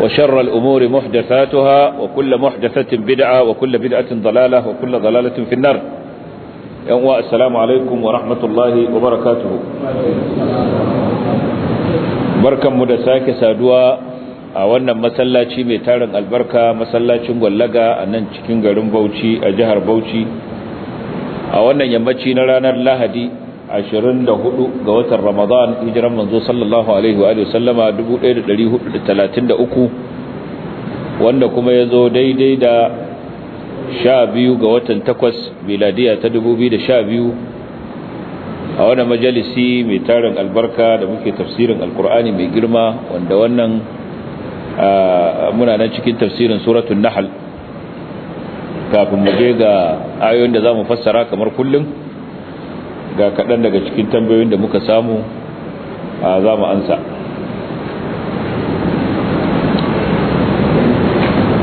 وشر الأمور محدثاتها وكل محدثة بدعة وكل بدعة ضلالة وكل ضلالة في النار يوم السلام عليكم ورحمة الله وبركاته بركة مدساك سادوا a wannan masallaci mai tarin albarka masallacin gwallaga a nan cikin garin bauchi a jihar bauchi a wannan yammaci na ranar lahadi 24 ga watan Ramadan hijiran manzo sallallahu alaihi wa sallama 1433 wanda kuma ya zo daidai da 12 ga watan 8 miladiya ta 2012 a wani majalisi mai tarin albarka da muke tafsirin alkur'ani mai girma wanda wannan muna nan cikin tafsirin suratun nahal kafin mu je ga ayoyin da za mu fassara kamar kullum ga kaɗan daga cikin tambayoyin da muka samu a za mu ansa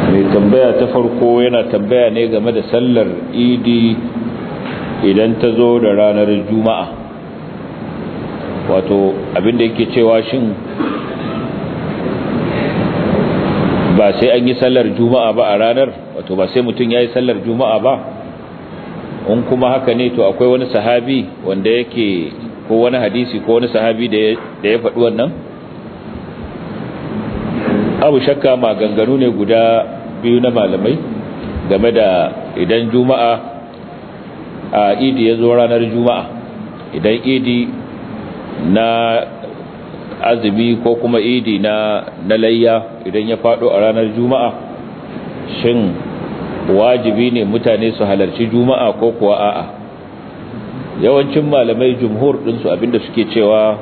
mai tambaya ta farko yana tambaya ne game da sallar idi idan ta zo da ranar juma'a wato abinda yake cewa shin ba sai an yi sallar juma'a ba a ranar wato ba sai mutum ya yi sallar juma'a ba in kuma haka ne to akwai wani sahabi wanda yake ko wani hadisi ko wani sahabi da ya faɗi wannan abu shakka maganganu ne guda biyu na malamai game da idan juma'a a idi ya zo ranar juma'a idan idi na azumi ko kuma idi na na layya idan ya faɗo a ranar juma'a shin wajibi ne mutane su halarci juma'a ko kuwa a'a yawancin malamai jumhur dinsu abinda suke cewa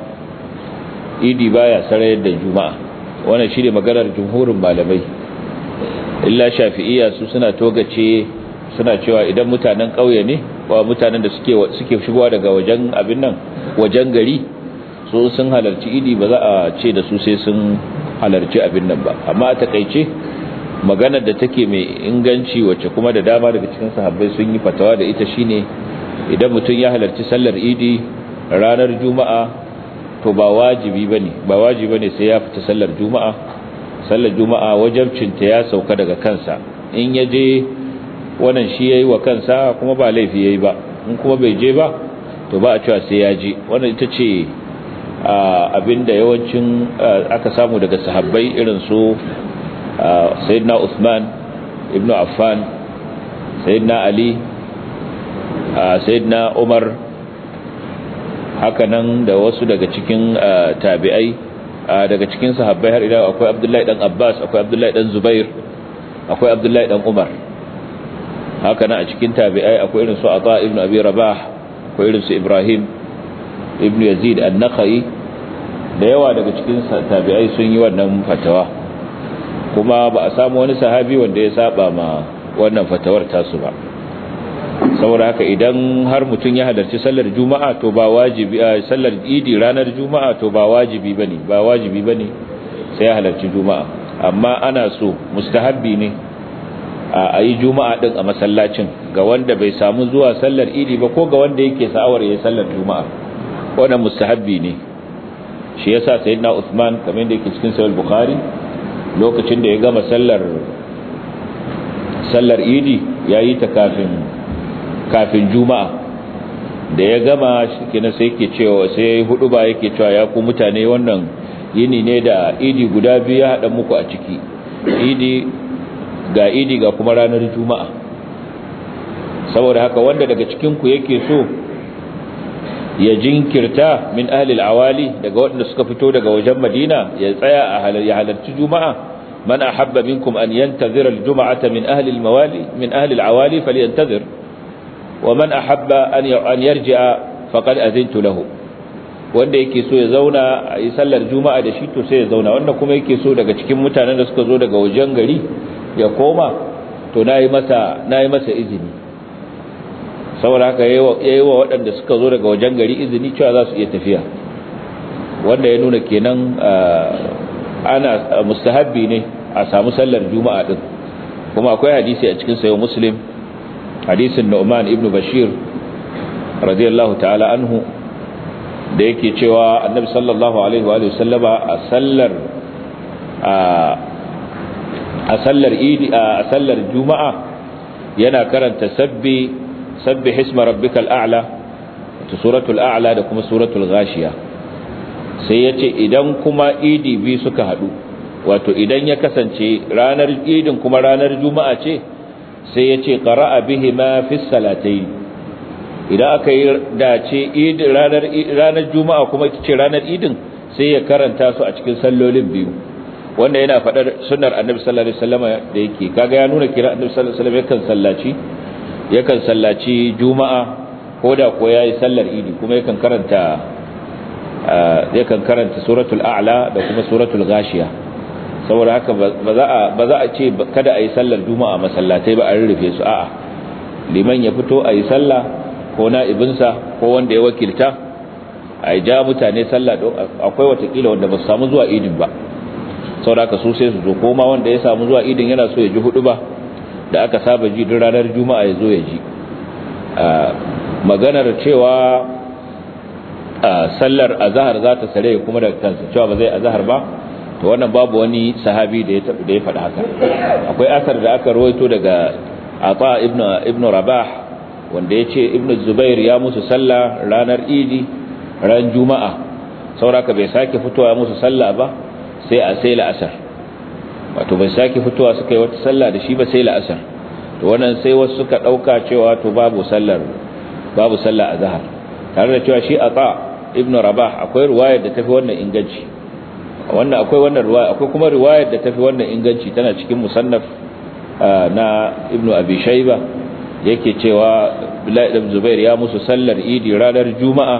idi baya sarayar da juma'a wannan shi ne maganar jumhurin malamai illa shafi'iya su suna togace suna cewa idan mutanen ƙauye ne ba mutanen da suke suke shigowa daga wajen abin nan wajen gari so sun halarci idi ba za a ce da su sai sun halarci abin nan ba amma a takaice maganar da take mai inganci wacce kuma da dama daga cikin sahabbai sun yi fatawa da ita shine idan mutum ya halarci sallar idi ranar juma'a to ba wajibi bane ba wajibi bane sai ya fita sallar juma'a sallar juma'a wajabcinta ya sauka daga kansa in ya je wannan shi yayi wa kansa kuma ba laifi yayi ba in kuma bai je ba to ba a cewa sai ya je wannan ita ce abinda yawancin aka samu daga sahabbai irin su sayyidina Usman, ibn Affan sayyidina Ali sayyidina Umar hakanan da wasu daga cikin tabi'ai daga cikin sahabbai har ila akwai Abdullahi dan Abbas akwai Abdullahi dan Zubair akwai Abdullahi dan Umar hakanan a cikin tabi'ai akwai irin su Atha ibn Abi Rabah akwai irin su Ibrahim ibn Yazid an-Nakhai da yawa daga cikin tabi'ai sun yi wannan fatawa kuma ba a samu wani sahabi wanda ya saba ma wannan fatawar tasu ba saboda haka idan har mutum ya halarci sallar juma'a to ba wajibi a eh, sallar idi ranar juma'a to ba wajibi bane ba wajibi bane sai ya halarci juma'a amma ana so mustahabbi ne a yi juma'a din a masallacin ga wanda bai samu zuwa sallar idi ba ko ga wanda yake sa'awar ya sallar juma'a wannan mustahabbi ne shi yasa sayyidina Usman, kamar da yake cikin sahih Bukhari lokacin da ya gama sallar sallar idi ya yi ta kafin kafin juma'a da ya gama shikina sai yake cewa sai ya yi hudu ba yake cewa ya ku mutane wannan yini ne da idi guda biyu ya haɗa muku a ciki idi ga idi ga kuma ranar juma'a saboda haka wanda daga cikinku yake so ya jinkirta min ahlil awali daga waɗanda suka fito daga wajen madina ya tsaya a ya halarci juma'a man ahabba minkum an yantazira aljum'ata min ahlil mawali min ahlil awali falyantazir wa man ahabba an an yarji'a faqad azintu lahu wanda yake so ya zauna a sallar juma'a da shi to sai ya zauna wanda kuma yake so daga cikin mutanen da suka zo daga wajen gari ya koma to nayi masa nayi masa izini saboda haka ya yi wa waɗanda suka zo daga wajen gari izini cewa za su iya tafiya wanda ya nuna kenan ah, ana mustahabbi ne a samu sallar juma'a din kuma akwai hadisi a cikin sayo muslim hadisin nu'man Ibn bashir radiyallahu ta'ala anhu da yake cewa annabi sallallahu alaihi wa sallama a sallar a sallar idi a sallar juma'a yana karanta sabbi sabbih isma rabbikal a'la ta suratul a'la da kuma suratul ghashiya sai yace idan kuma idi bi suka hadu wato idan ya kasance ranar idin kuma ranar juma'a ce sai yace qara'a bihima fi salatayn idan aka yi dace idin ranar ranar juma'a kuma kice ranar idin sai ya karanta su a cikin sallolin biyu wanda yana faɗar sunnar annabi sallallahu alaihi wasallam da yake kaga ya nuna kira annabi sallallahu alaihi wasallam yakan sallaci yakan sallaci juma'a ko da ko yayi sallar idi kuma yakan karanta yakan karanta suratul a'la da kuma suratul ghashiya saboda haka ba za a ba za a ce kada ayi sallar juma'a masallatai ba a rurrufe su a'a liman ya fito ayi sallah ko na'ibinsa ko wanda ya wakilta a ja mutane sallah don akwai watakila wanda ba su samu zuwa idin ba saboda haka su sai su zo koma wanda ya samu zuwa idin yana so ya ji hudu ba da aka saba ji duk ranar juma'a ya zo ya ji maganar cewa sallar azahar za ta sare kuma daga kansa cewa ba zai azahar ba to wannan babu wani sahabi da ya faɗi haka akwai asar da aka rawaito daga ata Ibn rabah wanda ya ce Ibn zubair ya musu salla ranar idi ran juma'a saura ka bai sake fitowa musu sallah ba sai a sai la'asar wato bai sake fitowa suka yi wata sallah da shi ba sai la'asar to wannan sai wasu suka ɗauka cewa to babu sallar babu sallah azhar tare da cewa shi a ata ibnu rabah akwai riwayar da tafi wannan inganci wannan akwai wannan riwaya akwai kuma riwayar da tafi wannan inganci tana cikin musannaf na ibnu abi shayba yake cewa bilal ibn zubair ya musu sallar idi ranar juma'a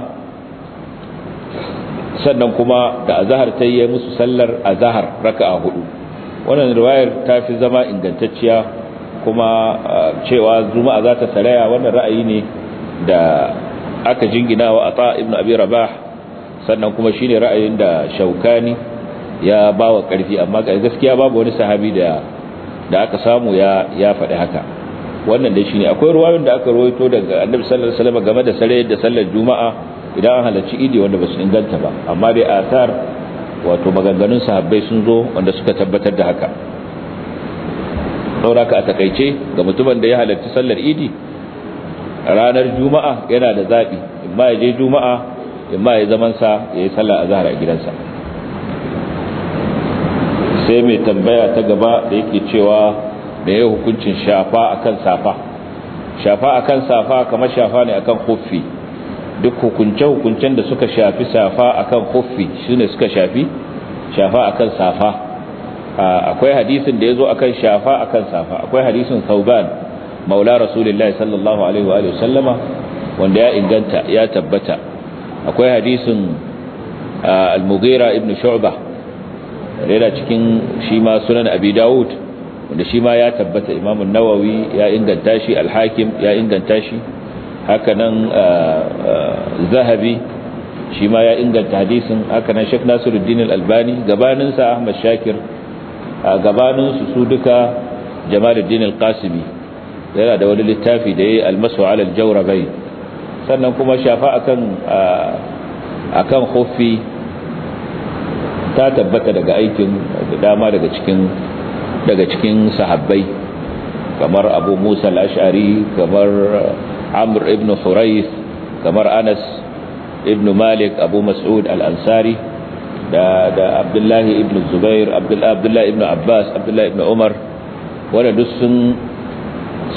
sannan kuma da azhar tayi musu sallar azhar raka'a hudu wannan riwayar ta fi zama ingantacciya kuma cewa juma'a za ta saraya wannan ra'ayi ne da aka jingina wa ata ibn abi rabah sannan kuma shine ra'ayin da shaukani ya ba wa karfi amma gaskiya babu wani sahabi da da aka samu ya ya faɗi haka wannan dai shine akwai ruwayoyin da aka rawaito daga annabi sallallahu alaihi wasallam game da sarayar da sallar juma'a idan an halarci idi wanda ba su inganta ba amma dai Asar. wato maganganun sahabbai sun zo wanda suka tabbatar da haka sauraka a takaice ga mutumin da ya halarci sallar idi ranar juma'a yana da zaɓi imma ya je juma'a imma ya sa ya yi sallar azahar a gidansa sai mai tambaya ta gaba da yake cewa da ya hukuncin shafa akan safa shafa akan safa kamar shafa ne akan kofi duk hukunce-hukuncen da suka shafi safa akan kuffi shine suka shafi shafa akan safa akwai hadisin da ya zo akan shafa akan safa akwai hadisin Thauban maula rasulullahi sallallahu alaihi wa sallama wanda ya inganta ya tabbata akwai hadisin al-Mughira ibn Shu'bah rera cikin shi ma sunan Abi Dawud wanda shi ma ya tabbata Imam nawawi ya inganta shi al-Hakim ya inganta shi hakanan uh, uh, zahabi shi ma ya inganta hadisin hakanan shek Nasiruddin Al-Albani gabaninsa Ahmad Shakir a su duka Jamaluddin Al-Qasimi yana da wani littafi da ya yi almasu alal jaurabai sannan kuma shafa akan uh, akan khuffi ta tabbata daga aikin dama daga cikin daga cikin sahabbai kamar Abu Musa al-Ash'ari kamar amr ibn hurayth kamar anas ibn malik abu mas'ud al-ansari da da abdullahi ibn zubair abdullahi ibn abbas abdullahi ibn umar wanda duk sun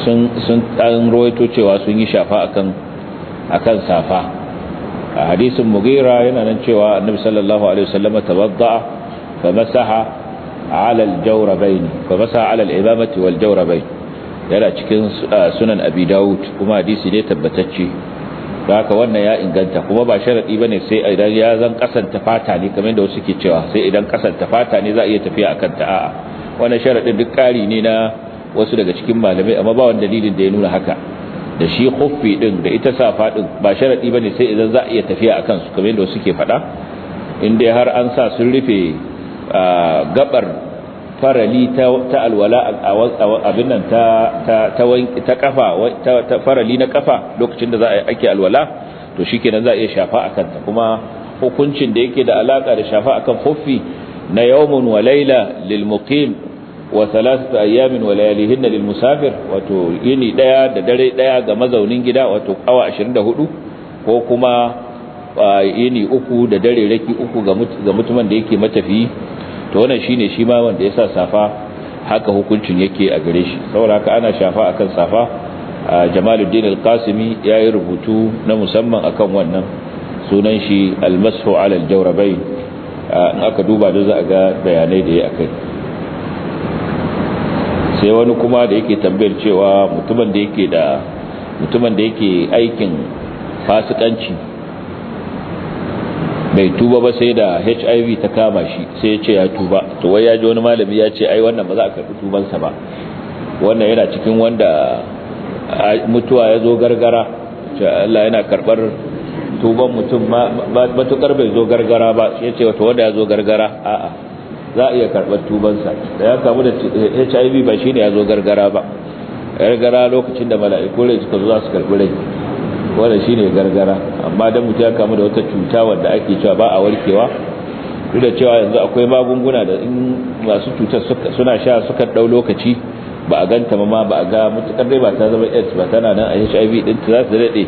sun sun an ruwaito cewa sun yi shafa akan akan safa a hadisin mugira yana nan cewa annabi sallallahu alaihi wasallam tawadda fa masaha ala al-jawrabayn fa masaha ala al-imamati wal-jawrabayn yana cikin sunan abi dawud kuma hadisi ne tabbatacce da haka wannan ya inganta kuma ba sharadi bane sai idan ya zan kasanta fata ne kamar yadda wasu ke cewa sai idan kasanta fata ne za a iya tafiya akan ta a'a wannan sharadin duk kari ne na wasu daga cikin malamai amma ba wani dalilin da ya nuna haka da shi khuffi din da ita safa din ba sharadi bane sai idan za a iya tafiya akan su kamar yadda wasu ke faɗa in dai har an sa sun rufe gabar farali ta alwala abin nan ta kafa ta farali na kafa lokacin da za a ake alwala to shikenan za a iya shafa a kanta kuma hukuncin da yake da alaka da shafa akan huffi na yawmun wa laila lil muqim wa thalathatu ayamin wa layalihin lil musafir wato yini daya da dare daya ga mazaunin gida wato awa 24 ko kuma yini uku da dare raki uku ga mutumin da yake matafi to wannan shine shi ma wanda ya safa haka hukuncin yake a gare shi saboda haka ana shafa akan safa Jamaluddin Al-Qasimi yayi rubutu na musamman akan wannan sunan shi Al-Mashu 'ala al-Jawrabayn aka duba da za a ga bayanai da yake akai sai wani kuma da yake tambayar cewa mutumin da yake da mutumin da yake aikin fasikanci bai tuba ba sai da HIV ta kama shi sai ya ce ya tuba to wai ya ji wani malami ya ce ai wannan ba za a karɓi tubansa ba wannan yana cikin wanda mutuwa ya zo gargara ce Allah yana karɓar tuban mutum matukar bai zo gargara ba sai ya ce wata wanda ya zo gargara a'a za a iya karɓar tubansa da ya kamu da HIV ba shine ya zo gargara ba gargara lokacin da mala'iku ne suka zo za su karɓi rai wannan shine gargara amma dan mutum ya kamu da wata cuta wanda ake cewa ba a warkewa duk da cewa yanzu akwai magunguna da in masu cutar suna sha suka dau lokaci ba a ganta ma ba a ga mutakar dai ba ta zama AIDS ba tana nan a HIV din ta za su dade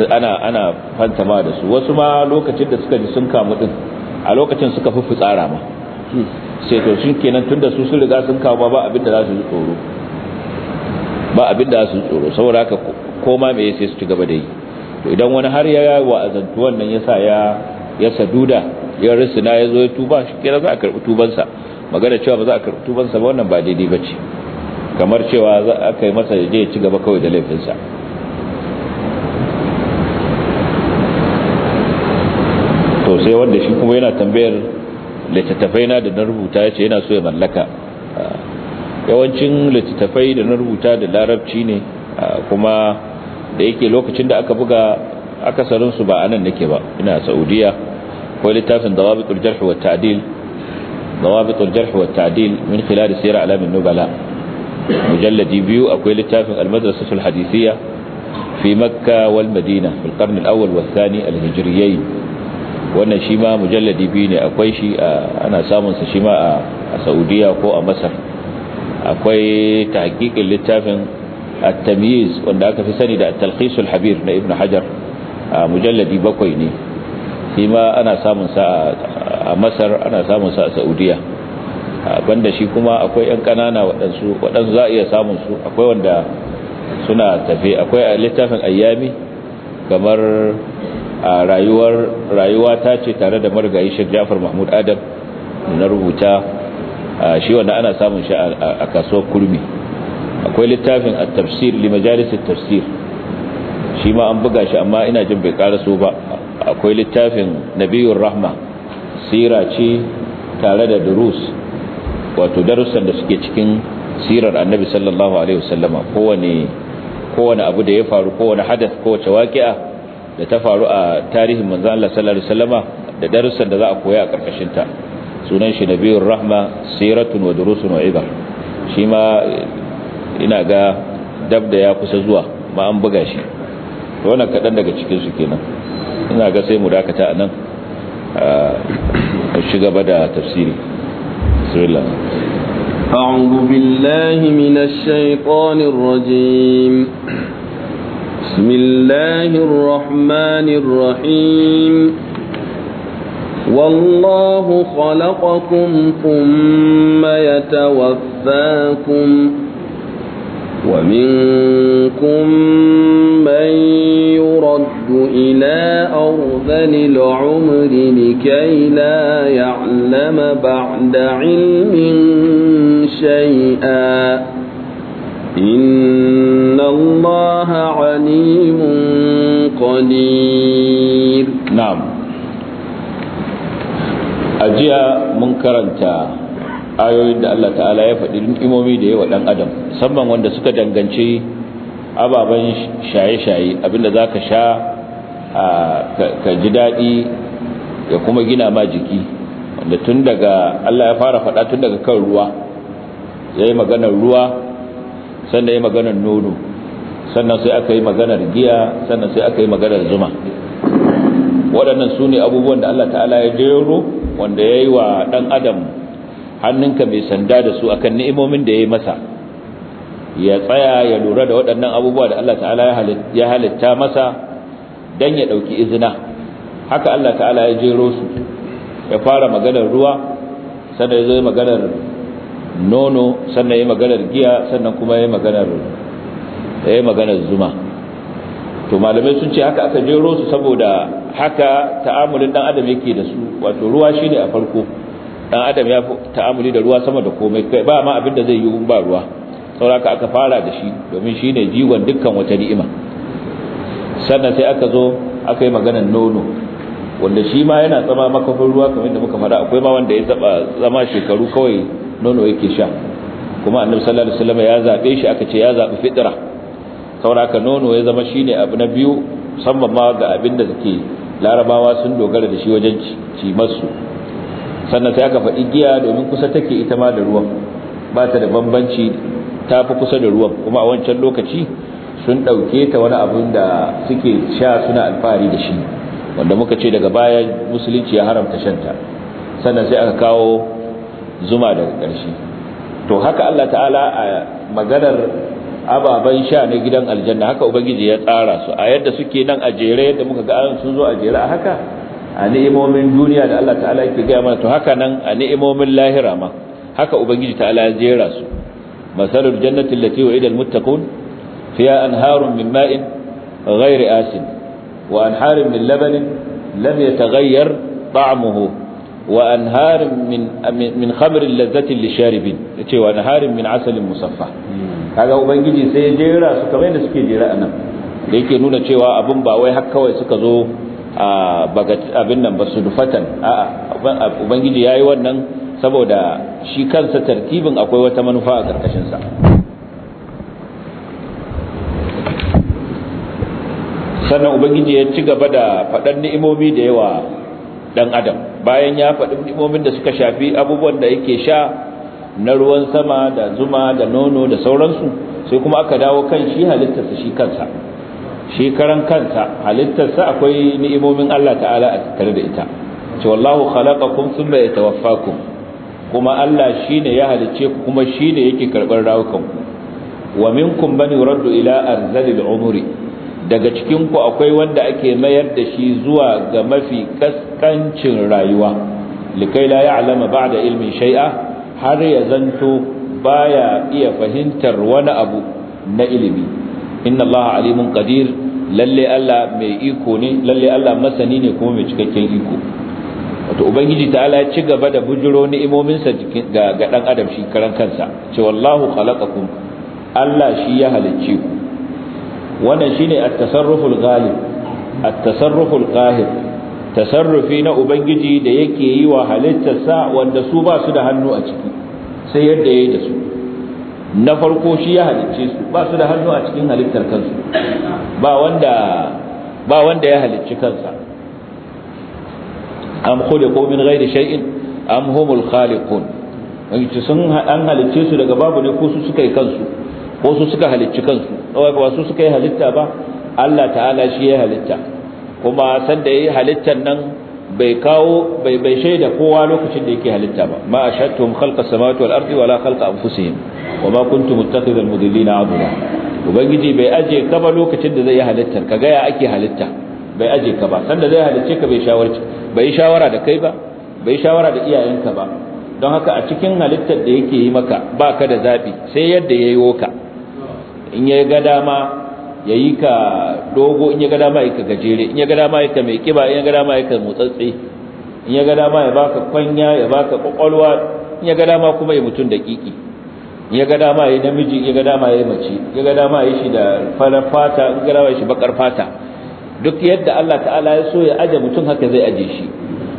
su ana ana fantama da su wasu ma lokacin da suka ji sun kamu din a lokacin suka fi tsara ma sai to shin kenan tunda su sun riga sun kawo ba abin da za su tsoro ba abin da za su tsoro saboda haka koma me sai su ci gaba da yi to idan wani har ya wa'azantu wannan yasa ya ya saduda ya risina ya zo ya tuba shi kira za a karɓi tubansa magana cewa ba za a karɓi tubansa ba wannan ba daidai ba ce kamar cewa za a kai masa je ya ci gaba kawai da laifinsa to sai wanda shi kuma yana tambayar littattafai na da na rubuta ya ce yana so ya mallaka yawancin littattafai da na rubuta da larabci ne kuma da yake lokacin da aka buga akasarinsu ba a nan nake ba ina saudiya akwai littafin dawabitul jarh wa ta'dil dawabitul jarh wa ta'dil min khilal sir alam nubala mujalladi biyu akwai littafin al-madrasatul hadisiya fi makka wal madina fil qarn al alhijiriyai wa thani wannan shi ma mujalladi biyu ne akwai shi ana samun sa shi ma a saudiya ko a masar akwai tahqiqin littafin at-tamyiz wanda aka fi sani da at-talqis al-habir na ibnu hajar mujalladi bakwai ne shi ana samun sa a masar ana samun sa a saudiya banda shi kuma akwai yan kanana waɗansu za a iya samun su akwai wanda suna tafe akwai a littafin ayyami kamar rayuwata ce tare da marigayi Sheikh Jafar Mahmud Adam na rubuta shi wanda ana samun shi a kasuwar kurmi akwai littafin a tafsir li tafsir shi ma an buga shi amma ina jin bai karaso ba akwai littafin nabiyur rahma sira ce tare da durus wato darussan da suke cikin sirar annabi sallallahu alaihi wasallama kowane kowane abu da ya faru kowane hadas kowace waqi'a da ta faru a tarihin manzo Allah sallallahu alaihi wasallama da darussan da za a koya a karkashin ta sunan shi nabiyur rahma siratun wa durusun wa ibar shi ma ina ga dab da ya kusa zuwa ma an buga shi wannan kaɗan daga cikinsu kenan ina ga sai mu dakata a nan a shiga ba da tafsiri bismillah أعوذ بالله من الشيطان الرجيم بسم الله الرحمن الرحيم والله خلقكم ثم يتوفاكم ومنكم من يرد إلى أرذل العمر لكي لا يعلم بعد علم شيئا إن الله عليم قدير نعم أجيء منكرا ayoyin da Allah ta'ala ya faɗi ni'imomi da yawa dan adam musamman wanda suka danganci ababen shaye-shaye abinda za ka sha ka ji daɗi ya kuma gina ma jiki wanda tun daga Allah ya fara faɗa tun daga kan ruwa ya yi maganar ruwa sannan ya yi maganar nono sannan sai aka yi maganar giya sannan sai aka yi maganar zuma waɗannan su ne abubuwan da Allah ta'ala ya jero wanda ya yi wa ɗan adam hannunka mai sanda da su akan ni'imomin da ya masa ya tsaya ya lura da waɗannan abubuwa da Allah ta'ala ya halitta masa don ya ɗauki izina haka Allah ta'ala ya jero su ya fara maganar ruwa sannan ya zo maganar nono sannan ya maganar giya sannan kuma ya maganar ya maganar zuma to malamai sun ce haka aka jero su saboda haka ta'amulin ɗan adam yake da su wato ruwa shine a farko dan adam ya fi ta'amuli da ruwa sama da komai kai ba ma abin da zai yi ba ruwa sauraka aka fara da shi domin shi ne jigon dukkan wata ni'ima sannan sai aka zo aka yi maganar nono wanda shi ma yana zama makafin ruwa kamar da muka fara akwai ma wanda ya zaba zama shekaru kawai nono yake sha kuma annabi sallallahu alaihi wasallam ya zabe shi aka ce ya zabi fitra sauraka nono ya zama shine abu na biyu musamman ma ga abin da suke larabawa sun dogara da shi wajen ci masu sannan sai aka faɗi giya domin kusa take ita ma da ruwan ba ta da bambanci ta fi kusa da ruwan kuma a wancan lokaci sun ɗauke ta wani abin da suke sha suna alfahari da shi wanda muka ce daga baya musulunci ya haramta shanta sannan sai aka kawo zuma daga ƙarshe to haka Allah ta'ala a maganar ababen sha na gidan aljanna haka ubangiji ya tsara su a yadda suke nan a jere yadda muka ga an sun zo a jere a haka a ni'imomin duniya da Allah ta'ala yake gaya mana to haka nan a ni'imomin lahira ma haka ubangiji ta'ala ya jera su masalul jannati allati wa'ida almuttaqun fiha anharun min ma'in ghairi asin wa anharun min labanin lam yataghayyar ta'muhu wa anharun min min khamrin lazzatin lisharibin yace wa anharun min asalin musaffa kaga ubangiji sai ya jera su kamar yadda suke jera anan da yake nuna cewa abun ba wai har kawai suka zo abin nan ba su dufatan ubangiji ya yi wannan saboda shi kansa tartibin akwai wata manufa a ƙarƙashinsa sannan ubangiji ya ci gaba da faɗan ni'imomi da yawa ɗan adam bayan ya faɗi ni'imomin da suka shafi abubuwan da yake sha na ruwan sama da zuma da nono da sauransu sai kuma aka dawo kan shi halittarsa shi kansa shi karan kansa halittarsa akwai ni'imomin Allah ta'ala a tattare da ita ce wallahu khalaqakum thumma yatawaffakum kuma Allah shine ya halice ku kuma shine yake karbar rawukan ku wa minkum man yuraddu ila arzalil umri daga cikin ku akwai wanda ake mayar da shi zuwa ga mafi kaskancin rayuwa likai la ya'lama ba'da ilmin shay'a har ya zanto baya iya fahimtar wani abu na ilimi inna allaha alimun qadir lalle Allah mai iko ne lalle Allah masani ne kuma mai cikakken iko wato ubangiji ta'ala ya ci gaba da bujiro ni'imominsa ga ga dan adam shi karan kansa ce wallahu khalaqakum Allah shi ya halicce ku wannan shine at-tasarruful ghalib at-tasarruful qahir tasarrufi na ubangiji da yake yi wa sa wanda su ba su da hannu a ciki sai yadda yayi da su na farko shi ya halicce su ba su da hannu a cikin halittar kansu ba wanda ba wanda ya halicci kansa am ko min ghairi shay'in am humul khaliqun wanda sun an halicce su daga babu ne ko su suka yi kansu ko su suka halicci kansu ba su suka yi halitta ba Allah ta'ala shi ya halitta kuma sanda yayi halittar nan bai kawo bai bai shaida kowa lokacin da yake halitta ba ma ashadtum khalqa samawati wal ardi wala khalqa anfusihim wama kuntum muttakhidhal mudillina abuda ubangiji bai aje ka ba lokacin da zai yi halittar ga ya ake halitta bai aje ka ba sanda zai halicce ka bai shawarci bai shawara da kai ba bai shawara da iyayenka ba don haka a cikin halittar da yake yi maka baka da zabi sai yadda yayi woka in yayi ga dama ya yi ka dogo in ya ga dama ya ka gajere in ya ga dama ya ka mai kiba in ya ga dama ya ka motsatsi in ya ga dama ya baka kwanya ya baka kwakwalwa in ya ga dama kuma ya mutum da kiki in ya ga dama ya namiji in ya ga dama ya mace in ya ga dama ya shi da farar fata in ya ga dama ya shi bakar fata duk yadda Allah ta'ala ya so ya aje mutum haka zai aje shi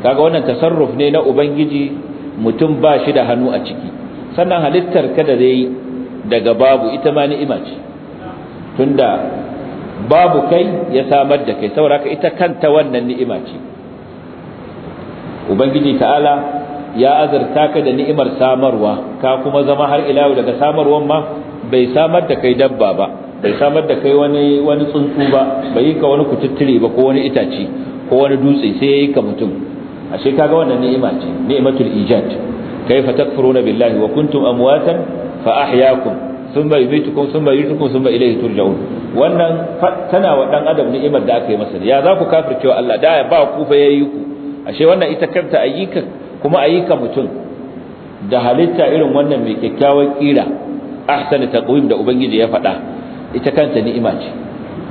kaga wannan tasarruf ne na ubangiji mutum ba shi da hannu a ciki sannan halittar ka da zai daga babu ita ma ni'ima ce tunda babu kai ya samar da kai saboda ita kanta wannan ni'ima ce ubangiji ta'ala ya azurta ka da ni'imar samarwa ka kuma zama har ila daga samarwan ma bai samar da kai dabba ba bai samar da kai wani wani tsuntsu ba bai yi ka wani kututtire ba ko wani itace ko wani dutse sai ya yi ka mutum ashe kaga wannan ni'ima ce ni'imatul ijad kaifa takfuruna billahi wa kuntum amwatan fa ahyaakum thumma yumitukum thumma yuhyikum turja'un wannan tana wa dan adam ni'imar da aka yi masa ya za ku kafircewa Allah da ya ba ku fa yayi ku ashe wannan ita kanta ayyuka kuma ayyuka mutum da halitta irin wannan mai kyakkyawan kira ahsana taqwim da ubangiji ya faɗa ita kanta ni'ima ce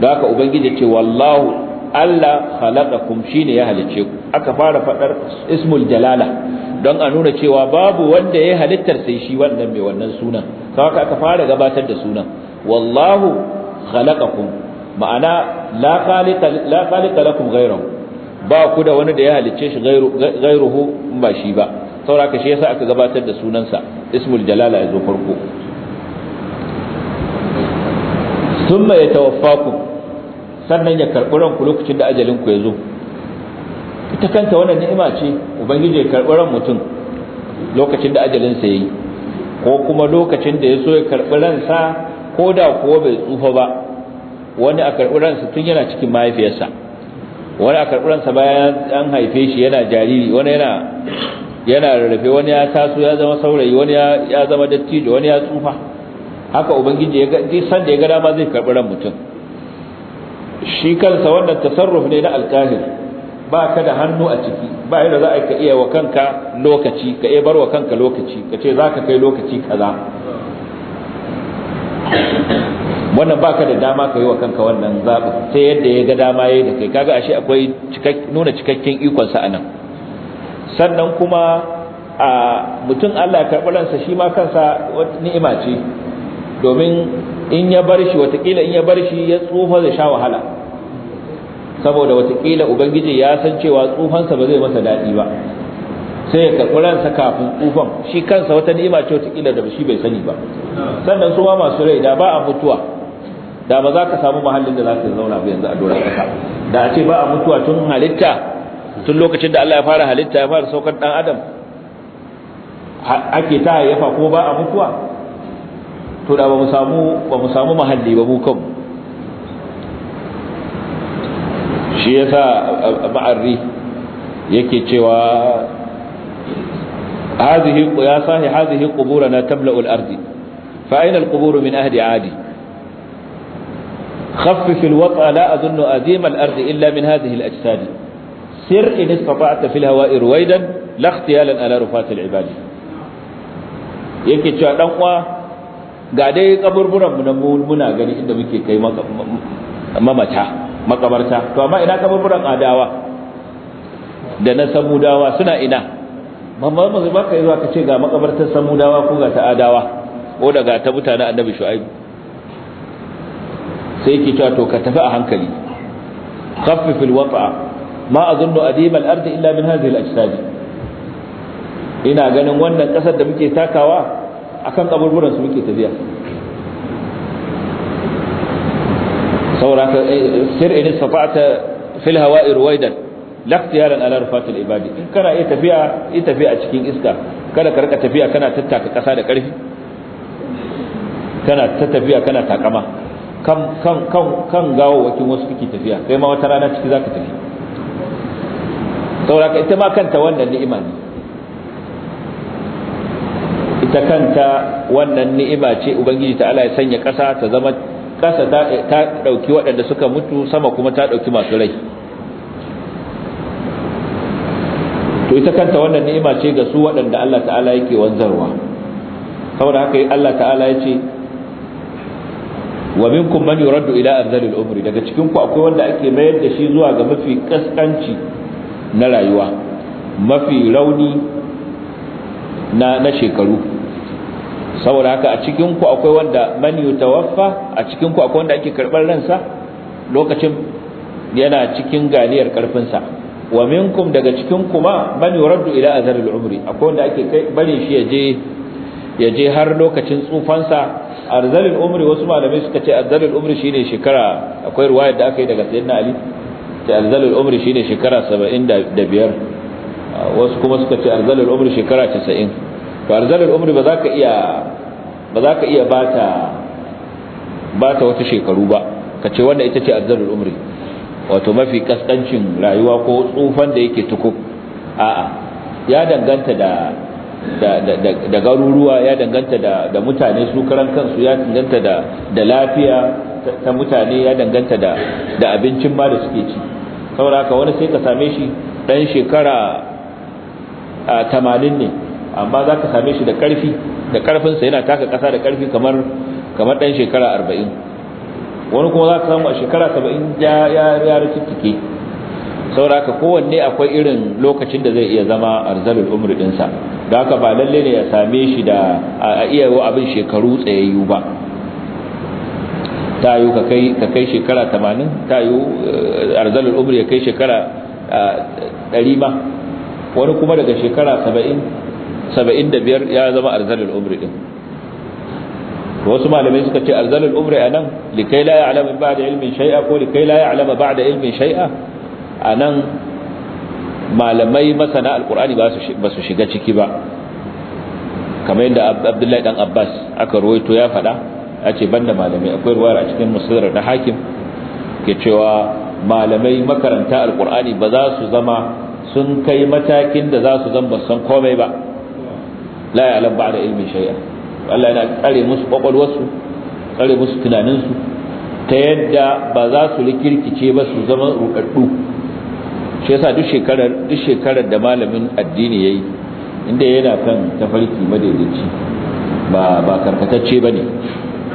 Da haka ubangiji ce wallahu Allah khalaqakum shine ya halice ku aka fara faɗar ismul jalala don a nuna cewa babu wanda ya halittar sai shi wannan mai wannan sunan kawaka aka fara gabatar da sunan wallahu khalaqakum ma'ana la khaliqa la khaliqa lakum ba ku da wani da ya halicce shi ghayruhu ba shi ba sauraka shi yasa aka gabatar da sunansa ismul jalala yazo farko thumma yatawaffakum sannan ya karɓi ranku lokacin da ajalinku ya zo ta kanta wannan ni'ima ce ubangiji ya karɓi ran mutum lokacin da ajalinsa ya yi ko kuma lokacin da ya so ya karɓi ransa ko da kuwa bai tsufa ba wani a karɓi ransa tun yana cikin mahaifiyarsa wani a karɓi ransa bayan an haife shi yana jariri wani yana yana rarrafe wani ya taso ya zama saurayi wani ya zama dattijo wani ya tsufa haka ubangiji ya san da ya ga dama zai karɓi ran mutum shi kansa wannan tasarruf ne na alkahir ba ka da hannu a ciki ba yadda za a ka iya wa kanka lokaci ka iya bar wa kanka lokaci ka ce za ka kai lokaci kaza wannan ba ka da dama ka yi wa kanka wannan zaɓi sai yadda ya ga dama ya yi da kai kaga ashe akwai nuna cikakken ikonsa a nan sannan kuma a mutum Allah ya karɓi ransa shi ma kansa ni'ima ce domin in ya bar shi watakila in ya bar shi ya tsufa zai sha wahala saboda watakila ubangiji ya san cewa tsufansa ba zai masa daɗi ba sai ya karɓi ransa kafin tsufan shi kansa wata ni'ima ce watakila da shi bai sani ba sannan su ma masu rai da ba a mutuwa da ba za ka samu mahallin da za ka zauna ba yanzu a doron ƙasa da a ce ba a mutuwa tun halitta tun lokacin da Allah ya fara halitta ya fara saukar ɗan adam ake ta hayyafa ko ba a mutuwa to da ba mu samu ba mu samu mahalli ba mu kanmu shi yasa ma'arri yake cewa hadhihi ya sahi hadhihi quburana tamla'u al-ardi fa ayna min ahli 'adi خفف الوطأ لا أظن أديم الأرض إلا من هذه sir سر إن استطعت في الهواء رويدا لا اختيالا على رفات yake cewa dan uwa ga dai kaburburan mu na muna gani inda muke kai mamata makabarta to amma ina kaburburan adawa da na samudawa suna ina mamma ba baka yi zuwa ka ce ga makabartar samudawa ko ga ta adawa ko daga ta mutane annabi shu'aibu sai ki cewa to ka tafi a hankali khaffif alwata ma azunnu adima al-ard illa min hadhihi al-ajsad ina ganin wannan kasar da muke takawa akan kaburburan su muke tafiya sir in istafa'ta fil hawa'i ruwaidan la ikhtiyaran ala rufatil ibadi in kana iya tafiya iya tafiya a cikin iska kada ka rika tafiya kana tattaka kasa da karfi kana ta tafiya kana takama kan kan kan kan gawo wakin wasu kike tafiya sai ma wata rana ciki zaka tafi saboda ita ma kanta wannan ni'ima ne ita kanta wannan ni'ima ce ubangiji ta'ala ya sanya ƙasa ta zama kasa ta ɗauki waɗanda suka mutu sama kuma ta ɗauki masu rai to ita kanta wannan ni'ima ce ga su waɗanda Allah ta'ala yake wanzarwa saboda haka Allah ta'ala ya ce wa minkum man yuraddu ila abdalil umri daga cikin ku akwai wanda ake mayar da shi zuwa ga mafi kaskanci na rayuwa mafi rauni na na shekaru saboda haka a cikin ku akwai wanda man yutawaffa a cikin ku akwai wanda ake karbar ransa lokacin yana cikin ganiyar karfin sa wa minkum daga cikin kuma man yuraddu ila azharil umri akwai wanda ake kai bane shi yaje yaje har lokacin tsufansa azharil umri wasu malamai suka ce azharil umri shine shekara akwai riwayar da aka yi daga sayyidina ali ce azharil umri shine shekara 75 wasu kuma suka ce azharil umri shekara 90 farzalul umri ba za ka iya ba za ka iya bata bata wata shekaru ba ka ce wannan ita ce arzalul umri wato mafi kaskancin rayuwa ko tsufan da yake tukub a'a ya danganta da da garuruwa ya danganta da mutane su karan kansu ya danganta da lafiya ta mutane ya danganta da abincin ma da suke ci saboda haka wani sai ka same shi dan shekara 80 ne amma za ka same shi da ƙarfi da ƙarfinsa yana taka ƙasa da ƙarfi kamar kamar ɗan shekara arba'in wani kuma za ka samu a shekara saba'in ya saura ka kowanne akwai irin lokacin da zai iya zama arzalul umri ɗinsa da haka ba lalle ne ya same shi da a iya wa abin shekaru tsayayyu ba ta yi ka kai shekara tamanin ta yi eh, arzalul umri ya kai shekara ah, ɗari ma wani kuma daga shekara saba'in Saba'in da biyar ya zama arzalul umri din wasu malamai suka ce arzalul umri a nan likai la alama ba da ilmin shai'a ko likai la alama ba da ilmin shai'a a nan malamai masana alqur'ani ba su shiga ciki ba kamar yadda Abdullahi dan Abbas aka ruwaito ya faɗa a ce banda malamai akwai ruwayar a cikin musnadar da hakim ke cewa malamai makaranta alqur'ani ba za su zama sun kai matakin da za su zama san komai ba la alam ba'da ilmin shay'a Allah yana tsare musu kwakwalwarsu tsare musu tunaninsu ta yadda ba za su rikirkice ba su zama rukaddu shi yasa duk shekarar duk shekarar da malamin addini yayi inda yana kan tafarki madaidaici ba ba karkatacce bane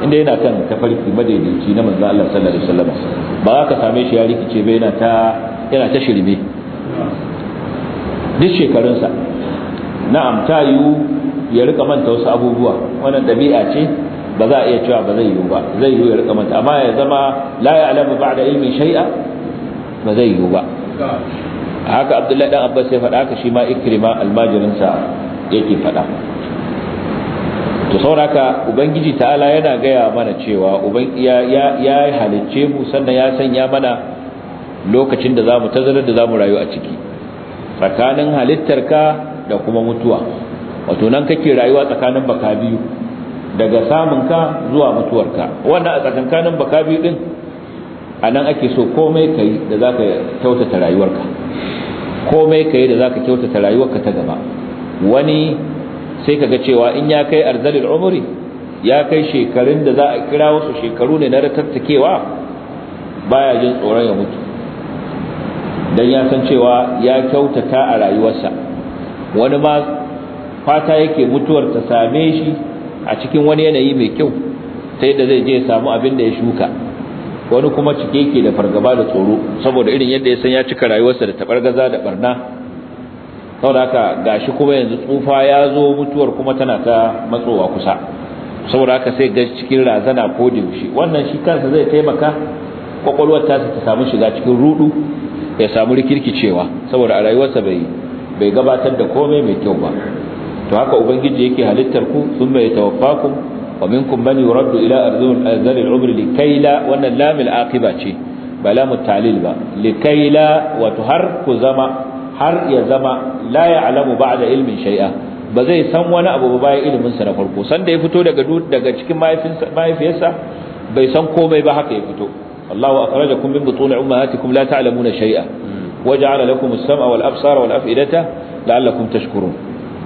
inda yana kan tafarki madaidaici na manzo Allah sallallahu alaihi wasallam ba za ka same shi ya rikice ba yana ta yana ta shirme duk shekarunsa na'am ta yiwu ya rika manta wasu abubuwa wannan dabi'a ce ba za a iya cewa ba zai yiwu ba zai yiwu ya rika manta amma ya zama la ya'lamu ba'da ilmi shay'a ba zai yiwu ba haka abdullahi dan abbas ya faɗa haka shi ma ikrima almajirin sa yake faɗa to sauraka ubangiji ta'ala yana gaya mana cewa uban ya ya halicce mu sannan ya sanya mana lokacin da zamu tazarar da zamu rayu a ciki tsakanin halittarka da kuma mutuwa wato nan kake rayuwa tsakanin baka biyu daga samun ka zuwa mutuwarka wannan a tsakankanin baka biyu din a nan ake so komai ka yi da za ka kyautata rayuwarka komai ka yi da za ka kyautata rayuwarka ta gaba wani sai ka ga cewa in ya kai arzalin umuri ya kai shekarun da za a kira wasu shekaru ne na ratattakewa baya jin tsoron ya mutu don ya san cewa ya kyautata a rayuwarsa wani ma fata yake mutuwar ta same shi a cikin wani yanayi mai kyau ta yadda zai je ya samu abin da ya shuka wani kuma cike yake da fargaba da tsoro saboda irin yadda ya san ya cika rayuwarsa da tabargaza da barna saboda haka gashi kuma yanzu tsufa ya zo mutuwar kuma tana ta matsowa kusa saboda haka sai ga cikin razana ko da yaushe wannan shi kansa zai taimaka kwakwalwar ta ta samu shiga cikin rudu ya samu rikirkicewa saboda a rayuwarsa bai bai gabatar da komai mai kyau ba to haka ubangiji yake halittar ku thumma yatawaffakum wa minkum man yuraddu ila arzul azal al-umr likay la wannan lam aqiba ce ba lam talil ba likay la har ku zama har ya zama la ya'lamu ba'da ilmin shay'a ba zai san wani abu ba bayan ilimin sa na farko san da ya fito daga daga cikin mahaifiyarsa bai san komai ba haka ya fito Allahu akhrajakum min butun ummahatikum la ta'lamuna shay'a waja'ala lakum as-sam'a wal absara wal af'idata la'allakum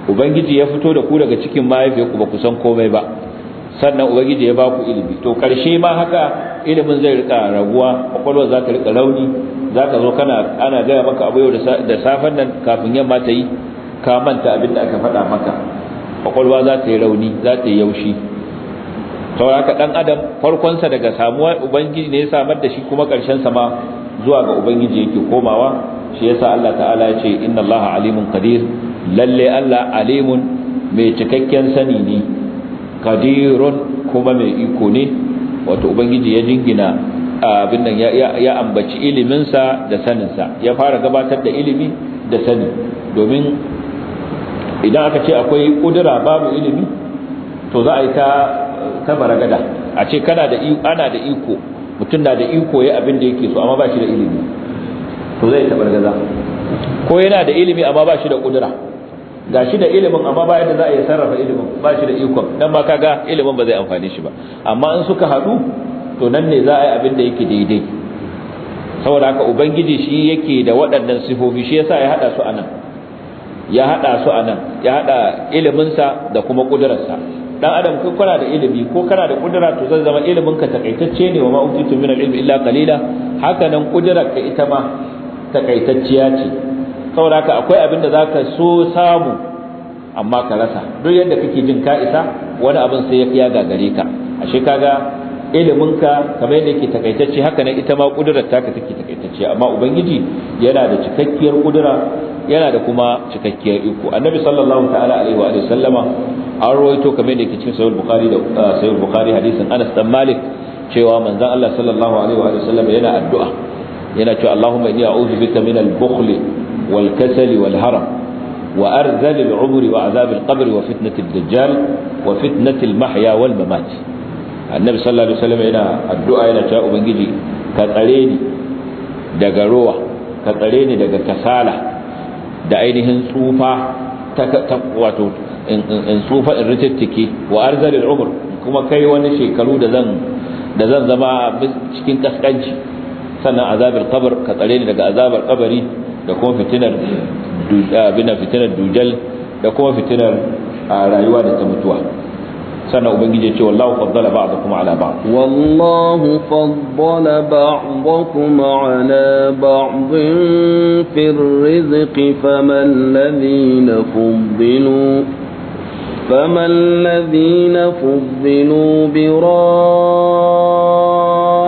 ubangiji ya fito da ku daga cikin mahaifiyarku ba ku san komai ba sannan ubangiji ya ba ku ilimi to karshe ma haka ilimin zai rika raguwa kwakwalwa za ta rika rauni? za ka zo kana ana gaya maka abu yau da safen nan kafin yamma ta yi ka manta abin da aka faɗa maka kwakwalwa za ta yi rauni za ta yi yaushi to haka dan adam farkonsa daga samuwa ubangiji ne ya samar da shi kuma karshen sa ma zuwa ga ubangiji yake komawa shi yasa Allah ta'ala ya ce inna Allaha alimun qadir lalle Allah alimun mai cikakken sani ne kadirun kuma mai iko ne wato ubangiji ya jingina abin nan ya ambaci iliminsa da saninsa ya fara gabatar da ilimi da sani domin idan aka ce akwai kudura babu ilimi to za a yi ta tabara gada a ce kana da ana da iko mutum na da iko ya abin da yake so amma ba shi da ilimi to zai tabara ko yana da ilimi amma ba shi da kudura ga shi da ilimin amma ba yadda za a yi sarrafa ilimin ba shi da ikon ba ma ga ilimin ba zai amfani shi ba amma in suka haɗu to nan ne za a yi abin da yake daidai saboda haka ubangiji shi yake da waɗannan sifofi shi yasa ya haɗa su nan ya haɗa su nan ya haɗa iliminsa da kuma ƙudurarsa dan adam kai kana da ilimi ko kana da ƙudura to zai zama ilimin ka takaitacce ne wa ma'utitu min al-ilmi illa qalila haka nan kudirar ka ita ma takaitacciya ce saboda haka akwai abin da zaka so samu amma ka rasa duk yadda kake jin ka isa wani abin sai ya gagare ka ashe kaga ka kamar yadda yake takaitacce haka nan ita ma kudurar taka take takaitacce amma ubangiji yana da cikakkiyar kudura yana da kuma cikakkiyar iko annabi sallallahu ta'ala alaihi wa sallama an rawaito kamar yadda yake cikin sahih bukhari da uh, sahih bukhari hadisin Anas dan Malik cewa manzon Allah sallallahu alaihi wa sallama yana addu'a yana cewa Allahumma inni a'udhu bika min al-bukhl والكسل والهرم وأرذل العمر وعذاب القبر وفتنة الدجال وفتنة المحيا والممات النبي صلى الله عليه وسلم هنا الدعاء هنا شاء بنجي كتريني daga rowa ka tsare ni daga kasala da ainihin tsufa ta in tsufa in ritattike wa arzal umar kuma kai wani shekaru da zan zama cikin kaskanci sannan azabar kabar ka tsare ni daga azabar kabari. da kuma fitinar abinan fitinar dujal da kuma fitinar rayuwa da ta mutuwa sannan ubangiji ce wallahu faddala ba'dakum ala ba'd wallahu faddala ba'dakum ala ba'd fi rizqi faman ladina fuddilu فما ladina fuddilu bi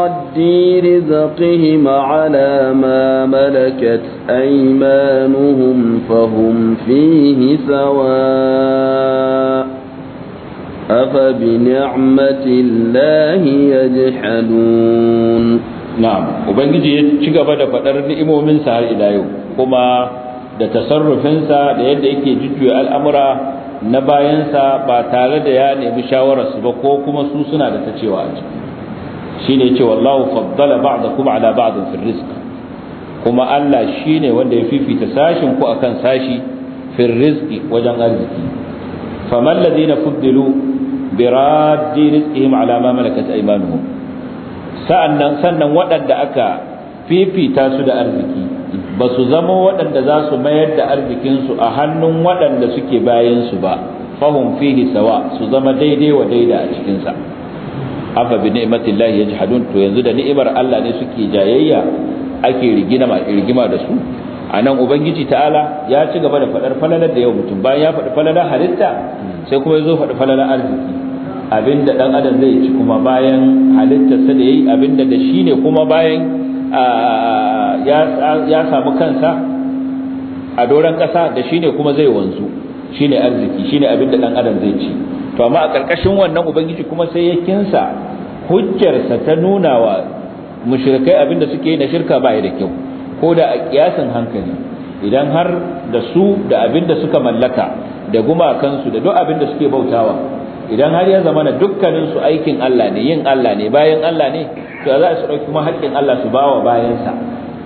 مرد رزقهم على ما ملكت أيمانهم فهم فيه سواء أفبنعمة الله يجحدون نعم وبنجي يتشغب دفتر نئمو من سهل إلى يوم كما da tasarrufinsa da yadda yake jujjuya al'amura na bayansa ba tare da ya nemi shawararsu ba ko kuma su suna da ta cewa a ciki shine yace wallahu faddala ba'dakum ala ba'd fi rizq kuma Allah shine wanda ya fifita sashin ku akan sashi fi rizqi wajen arziki faman ladina fuddilu bi raddi rizqihim ala ma malakat aymanuhum sa'annan sannan waɗanda aka fifita su da arziki ba su zama waɗanda za su mayar da arzikinsu a hannun waɗanda suke bayansu ba fahim fihi sawa su zama daidai wa daida a cikinsa afa bi ni'matillahi yajhadun to yanzu da ni'imar Allah ne suke jayayya ake rigina ma rigima da su anan ubangiji ta'ala ya ci gaba da fadar falalar da yau mutum bayan ya fadi falalar halitta sai kuma yazo fadi falalar arziki abinda dan adam zai ci kuma bayan halittarsa da yayi abinda da shi ne kuma bayan ya samu kansa a doron kasa da shi ne kuma zai wanzu shine arziki shine abinda dan adam zai ci to amma a ƙarƙashin wannan ubangiji kuma sai ya kinsa hujjarsa ta nuna wa mushrikai abinda suke yi na shirka ba da kyau ko da a kiyasin hankali idan har da su da abinda suka mallaka da gumakansu da duk abinda suke bautawa idan har ya zama na dukkaninsu aikin Allah ne yin Allah ne bayan Allah ne to za su ɗauki kuma haƙƙin Allah su bawa bayansa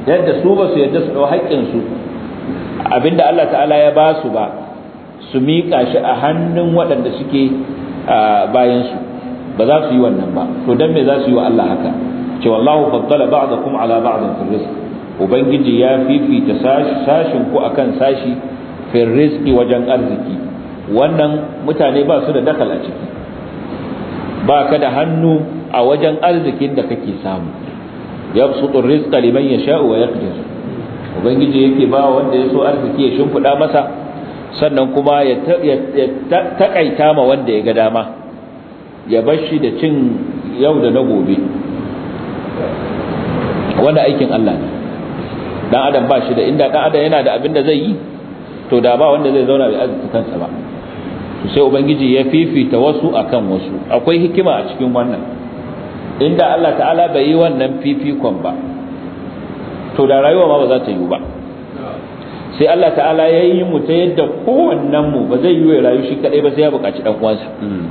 yadda su ba su yadda su ɗau haƙƙinsu abinda Allah ta'ala ya ba su ba su miƙa shi a hannun waɗanda suke bayansu ba za su yi wannan ba to dan me za su yi wa Allah haka ce wallahu faddala ba'dakum ala ba'din fil rizq ubangiji ya fifita sashin ku akan sashi fil rizqi wajen arziki wannan mutane ba su da dakal a ciki ba ka da hannu a wajen arzikin da kake samu yabsutu rizqa liman yasha'u wa yaqdir ubangiji yake ba wanda ya so arziki ya shimfida masa sannan kuma ya takaita ma wanda ya ga dama ya bar shi da cin yau da na gobe wanda aikin Allah ne dan adam ba shi da inda dan adam yana da abin da zai yi to da ba wanda zai zauna bai azuta kansa ba sai ubangiji ya fifita wasu akan wasu akwai hikima a cikin wannan inda Allah ta'ala bai yi wannan fifikon ba to da rayuwa ma ba za ta yi ba sai Allah ta'ala ya yi mu ta yadda kowannen mu ba zai yiwu ya rayu shi kadai ba sai ya buƙaci dan uwansa hmm.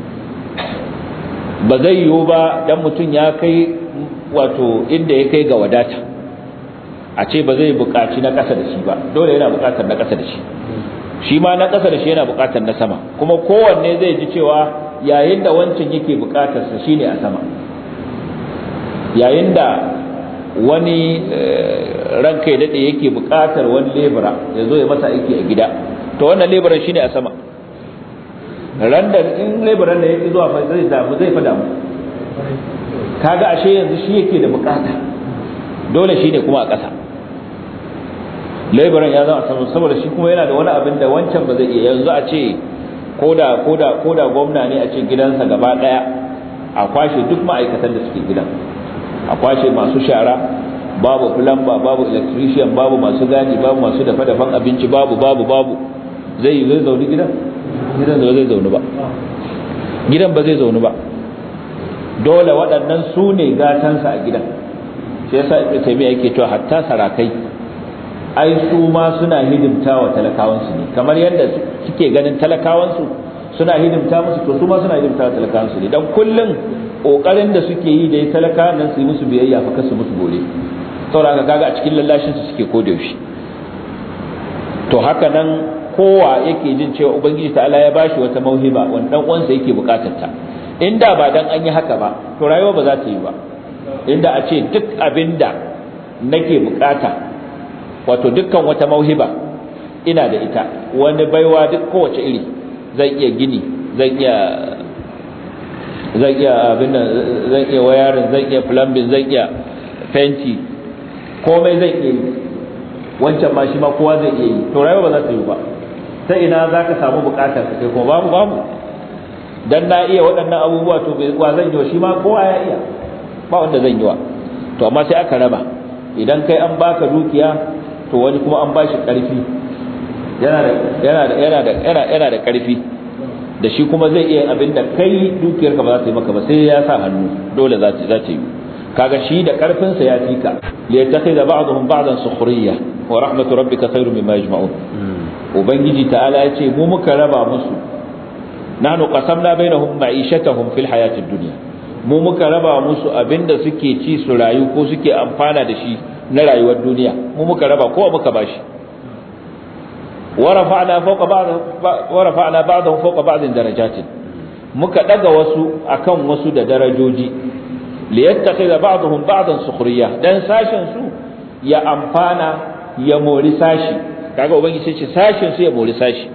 ba zai yiwu ba dan mutum ya kai wato inda ya kai ga wadata a ce ba zai buƙaci na ƙasa da shi ba dole yana buƙatar na ƙasa da shi shi ma na ƙasa da shi yana buƙatar na sama kuma kowanne zai ji cewa yayin da wancan yake buƙatarsa shi ne a sama yayin da wani eh, ranka ya daɗe yake buƙatar wani lebura ya zo ya masa aiki a gida to wannan leburan shine a sama randa in leburan da ya ƙi zuwa fa zai damu zai fada mu kaga ashe yanzu shi yake da buƙata dole shi ne kuma a ƙasa leburan ya zama sama saboda shi kuma yana da wani abin da wancan ba zai iya yanzu a ce koda koda koda gwamna ne a ce gidansa gaba ɗaya, a kwashe duk ma'aikatan da suke gidan a kwashe masu shara babu plumber babu electrician babu masu gadi babu masu dafa dafan abinci babu babu babu zai yi zai zauni gidan gidan ba zai zauni ba gidan ba zai zauni ba dole waɗannan su ne gatansa a gidan sai sa ibnu taymiya yake cewa hatta sarakai ai su ma suna hidimta wa talakawansu ne kamar yadda suke ganin talakawansu suna hidimta musu to su ma suna hidimta talakan su ne dan kullum kokarin da suke yi da talaka nan su yi musu biyayya fa kasu musu gore saboda kaga a cikin lallashin su suke ko yaushe to haka nan kowa yake jin cewa ubangiji ta'ala ya bashi wata mauhiba wanda dan uwansa yake bukatar ta inda ba dan an yi haka ba to rayuwa ba za ta yi ba inda a ce duk abinda nake bukata wato dukkan wata mauhiba ina da ita wani baiwa duk kowace iri zan iya gini zan iya zan iya abin nan zan iya wayarin zan iya plumbin zan iya fenti komai zan iya yi wancan ma shi ma kowa zai iya yi to rayuwa ba za ta yi ba Sai ina za ka samu bukatar ka kai kuma babu babu dan na iya waɗannan abubuwa to bai kuwa zan yi shi ma kowa ya iya ba wanda zan yi wa to amma sai aka raba idan kai an baka dukiya to wani kuma an bashi ƙarfi yana da ƙarfi da shi kuma zai iya abin da kai dukiyarka ba za ta yi maka ba sai ya sa hannu dole za ta yi kaga shi da ƙarfinsa ya fi ka liyattakhidha ba'dhum ba'dan sukhriya wa rahmatu rabbi ka rabbika khairum mimma yajma'un ubangiji ta'ala ya ce mu muka raba musu nanu nahnu qasamna bainahum ma'ishatahum fil hayatid duniya mu muka raba musu abinda suke ci su rayu ko suke amfana da shi na rayuwar duniya mu muka raba kowa muka bashi ورفعنا فوق بعض ورفعنا بعضهم فوق بعض درجات muka daga wasu akan wasu da darajoji liyatta da ba'dhum ba'dan sukhriya dan sashin su ya amfana ya mori sashi kaga ubangiji ce sashin su ya mori sashi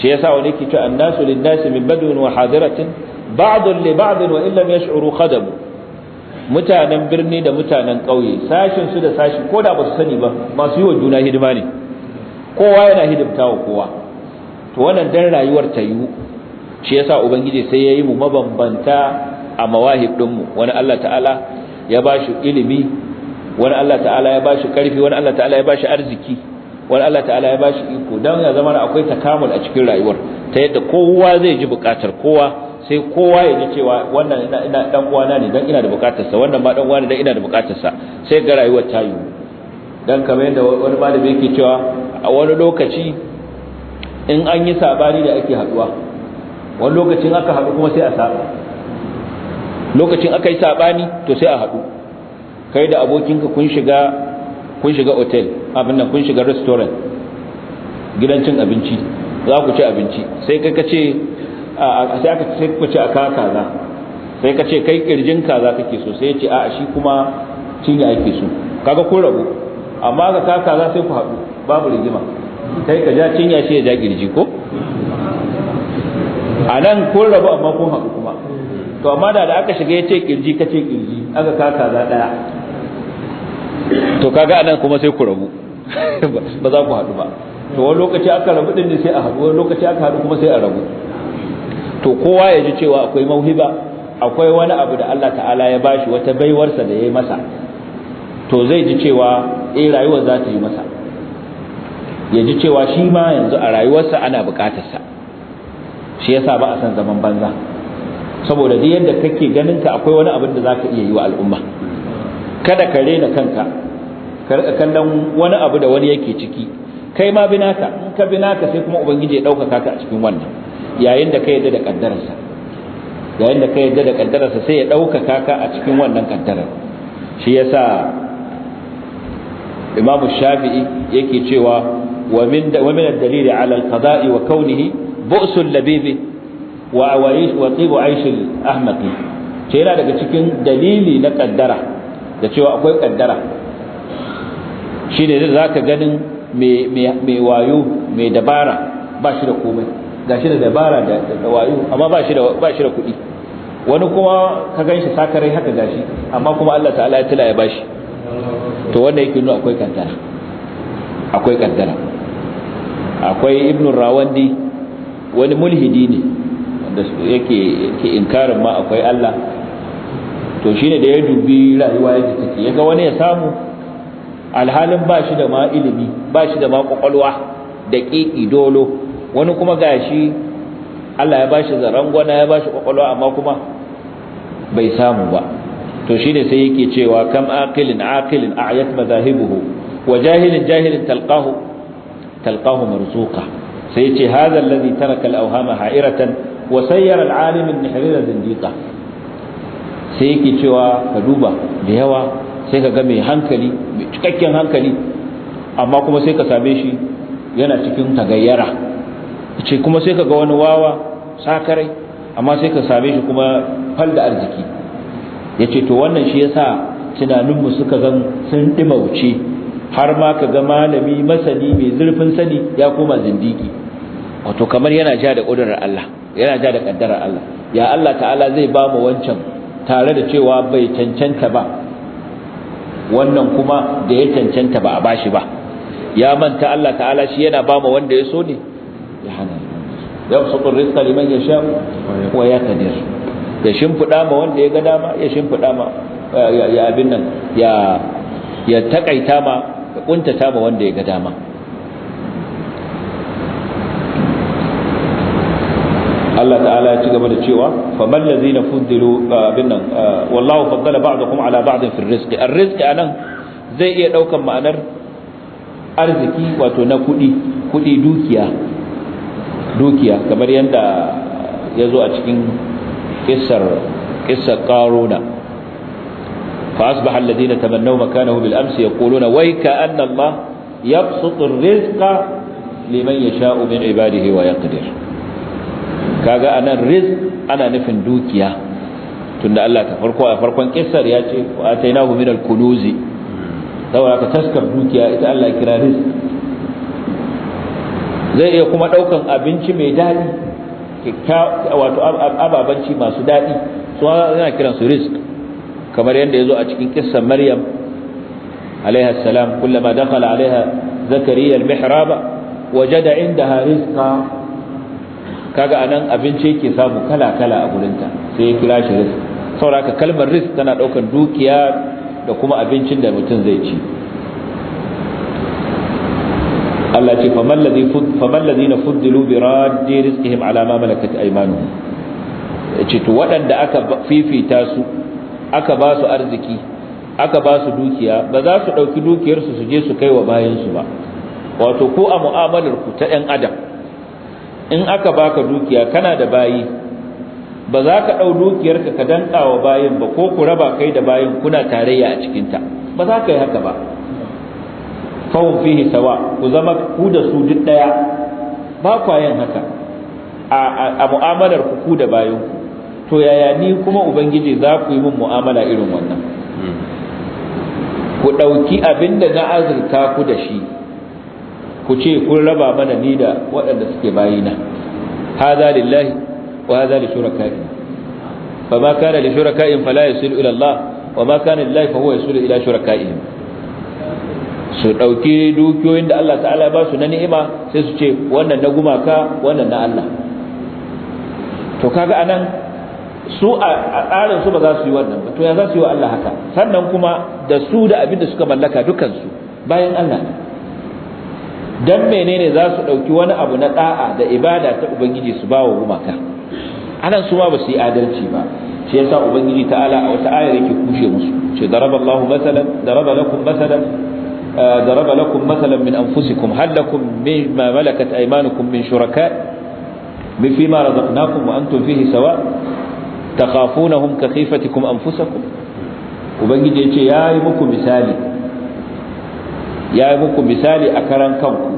shi yasa wani ke ta annasu linnasi min badwin wa hadiratin ba'dun li ba'din wa illam yash'uru qadam mutanen birni da mutanen ƙauye sashin su da sashi ko da ba su sani ba masu yi wa juna hidima ne kowa yana hidimta wa kowa to wannan dan rayuwar ta yiwu shi yasa ubangiji sai yayi mu mabambanta a mawahib din mu wani Allah ta'ala ya bashi ilimi wani Allah ta'ala ya bashi karfi wani Allah ta'ala ya bashi arziki wani Allah ta'ala ya bashi iko dan ya zama akwai takamul a cikin rayuwar ta yadda kowa zai ji bukatar kowa sai kowa ya ji cewa wannan ina dan uwana ne dan ina da bukatar sa wannan ma dan uwana dan ina da bukatar sa sai ga rayuwar ta yiwu dan kamar yadda wani malami yake cewa a wani lokaci in an yi sabani da ake haduwa wani lokacin aka haɗu kuma sai a saba lokacin aka yi sabani to sai a haɗu kai da abokinka kun shiga kun shiga hotel abin nan kun shiga restaurant gidan cin abinci za ku ci abinci sai kai ka ce sai aka sai ku ci aka kaza sai ka ce kai kirjin kaza kake so sai ya ce a shi kuma ne ake so kaga ko rabu amma ga kaka za sai ku haɗu babu rigima kai ka ja cinya shi ya ja girji ko a nan kun rabu amma kun haɗu kuma to amma da da aka shiga ya ce kirji ka ce kirji aka kaka za ɗaya to kaga nan kuma sai ku rabu ba za ku haɗu ba to wani lokaci aka rabu din ne sai a haɗu wani lokaci aka haɗu kuma sai a rabu to kowa ya ji cewa akwai mauhiba akwai wani abu da Allah ta'ala ya bashi wata baiwarsa da ya yi masa to zai ji cewa eh rayuwar za ta yi masa ya ji cewa shi ma yanzu a rayuwarsa ana bukatarsa shi yasa ba a san zaman banza saboda duk yadda kake ganin ka akwai wani abin da za ka iya yi wa al'umma kada ka rena kanka ka rika kallon wani abu da wani yake ciki kai ma binaka in ka binaka sai kuma ubangiji ya dauka ka a cikin wannan yayin da ka yadda da kaddararsa yayin da ka yadda da kaddararsa sai ya ɗauka ka a cikin wannan kaddarar shi yasa imamu shafi'i yake cewa wa min ad-dalil ala al-qada'i wa kaunihi bu'sul labibi wa awaish wa tibu aish al-ahmaqi ce yana daga cikin dalili na kaddara da cewa akwai kaddara shine zaka ganin mai wayo mai dabara ba shi da komai gashi da dabara da wayo amma ba shi da ba shi da kuɗi wani kuma ka shi sakarai haka gashi amma kuma Allah ta'ala ya tila ya bashi to wanda yake nuna akwai kaddara akwai kaddara akwai ibn rawandi wani mulhidi ne wanda yake yake inkarin ma akwai Allah to shine da ya dubi rayuwa yake take yaga wani ya samu alhalin ba shi da ma ilimi ba shi da ma kwakwalwa da ƙiƙi dolo wani kuma gashi Allah ya bashi zarangwana ya bashi kwakwalwa amma kuma bai samu ba to shi ne sai yake cewa kam aqilin aqilin a'yat madahibuhu wa jahilin jahilin talqahu talqahu marzuqa sai yace hadha alladhi taraka al-awhama ha'iratan wa sayyara al-alim an-nihrira zindiqa sai yake cewa ka duba da yawa sai ka ga mai hankali mai cikakken hankali amma kuma sai ka same shi yana cikin tagayyara ce kuma sai ka ga wani wawa sakarai amma sai ka same shi kuma fal da arziki Ya ce to wannan shi yasa tunaninmu suka zan sun wuce har ma ka ga malami masani mai zurfin sani ya koma zindiki wato kamar yana ja da ƙudurar Allah yana ja da ƙaddarar Allah ya Allah ta'ala zai ba mu wancan tare da cewa bai cancanta ba wannan kuma da ya cancanta ba a bashi ba ya manta Allah ta'ala shi yana ba mu wanda ya so ne ya hana yabsutu rizqa liman sha wa kadir ya shimfiɗa ma wanda ya ga dama ya shimfiɗa ma ya abin nan ya ya takaita ma ya kuntata ma wanda ya ga dama Allah ta'ala ya ci gaba da cewa fa faman lazina fuddilu abin nan wallahu faddala ba'dakum ala ba'din fi rizqi ar-rizqi anan zai iya daukan ma'anar arziki wato na kudi kudi dukiya dukiya kamar yanda yazo a cikin kissar kissar qaruna fa asbaha alladhina tamannaw makanahu bil amsi yaquluna wai ka anna allah yabsutu ar-rizqa liman yasha'u min ibadihi wa yaqdir kaga anan rizq ana nufin dukiya tunda Allah ta farko a farkon kissar ya ce wa atainahu min al-kunuzi saboda ka taskar dukiya ita Allah kira rizq zai iya kuma daukan abinci mai dadi wato ababanci masu daɗi su yana kiran su risk kamar yadda ya zo a cikin kissan maryam alaiha salam kullama dakala alaiha zakariya almihraba wajada indaha rizqa kaga anan abinci yake samu kala kala a gurinta sai ya kira shi risk saboda kalmar risk tana daukan dukiya da kuma abincin da mutum zai ci Allah ce faman ladina fuddilu bi raddi rizqihim ala ma malakat aymanuhum ce to waɗanda aka fifita su aka ba su arziki aka ba su dukiya ba za su ɗauki dukiyar su je su kai wa bayansu ba wato ko a mu'amalar ku ta ɗan adam in aka baka dukiya kana da bayi ba za ka ɗau dukiyar ka danka wa bayin ba ko ku raba kai da bayin kuna tarayya a cikinta ba za ka yi haka ba fahum fihi sawa ku zama ku da su duk ɗaya ba kwa yin haka a mu'amalar ku da bayan ku to yaya ni kuma ubangiji za ku yi min mu'amala irin wannan ku ɗauki abin da na azurta ku da shi ku ce kun raba mana ni da waɗanda suke bayina haza lillahi wa haza li shuraka'in fa ma kana li shuraka'in fala yasilu ila Allah wa ma kana lillahi fa huwa yasilu ila shuraka'ihim su ɗauki dukiyoyin da Allah ta'ala ba su na ni'ima sai su ce wannan na gumaka wannan na Allah to kaga anan su a tsarin su ba za su yi wannan ba to ya za su yi wa Allah haka sannan kuma da su da abin da suka mallaka dukansu bayan Allah ne dan menene za su ɗauki wani abu na da'a da ibada ta ubangiji su ba wa gumaka anan su ma ba su yi adalci ba shi yasa ubangiji ta'ala a wata ayar yake kushe musu ce Allahu masalan daraba lakum masalan ضرب لكم مثلا من أنفسكم هل لكم مما ملكت أيمانكم من شركاء فيما رزقناكم وأنتم فيه سواء تخافونهم كخيفتكم أنفسكم وبنجد يا يمكم مثالي ya yi muku misali a karan kanku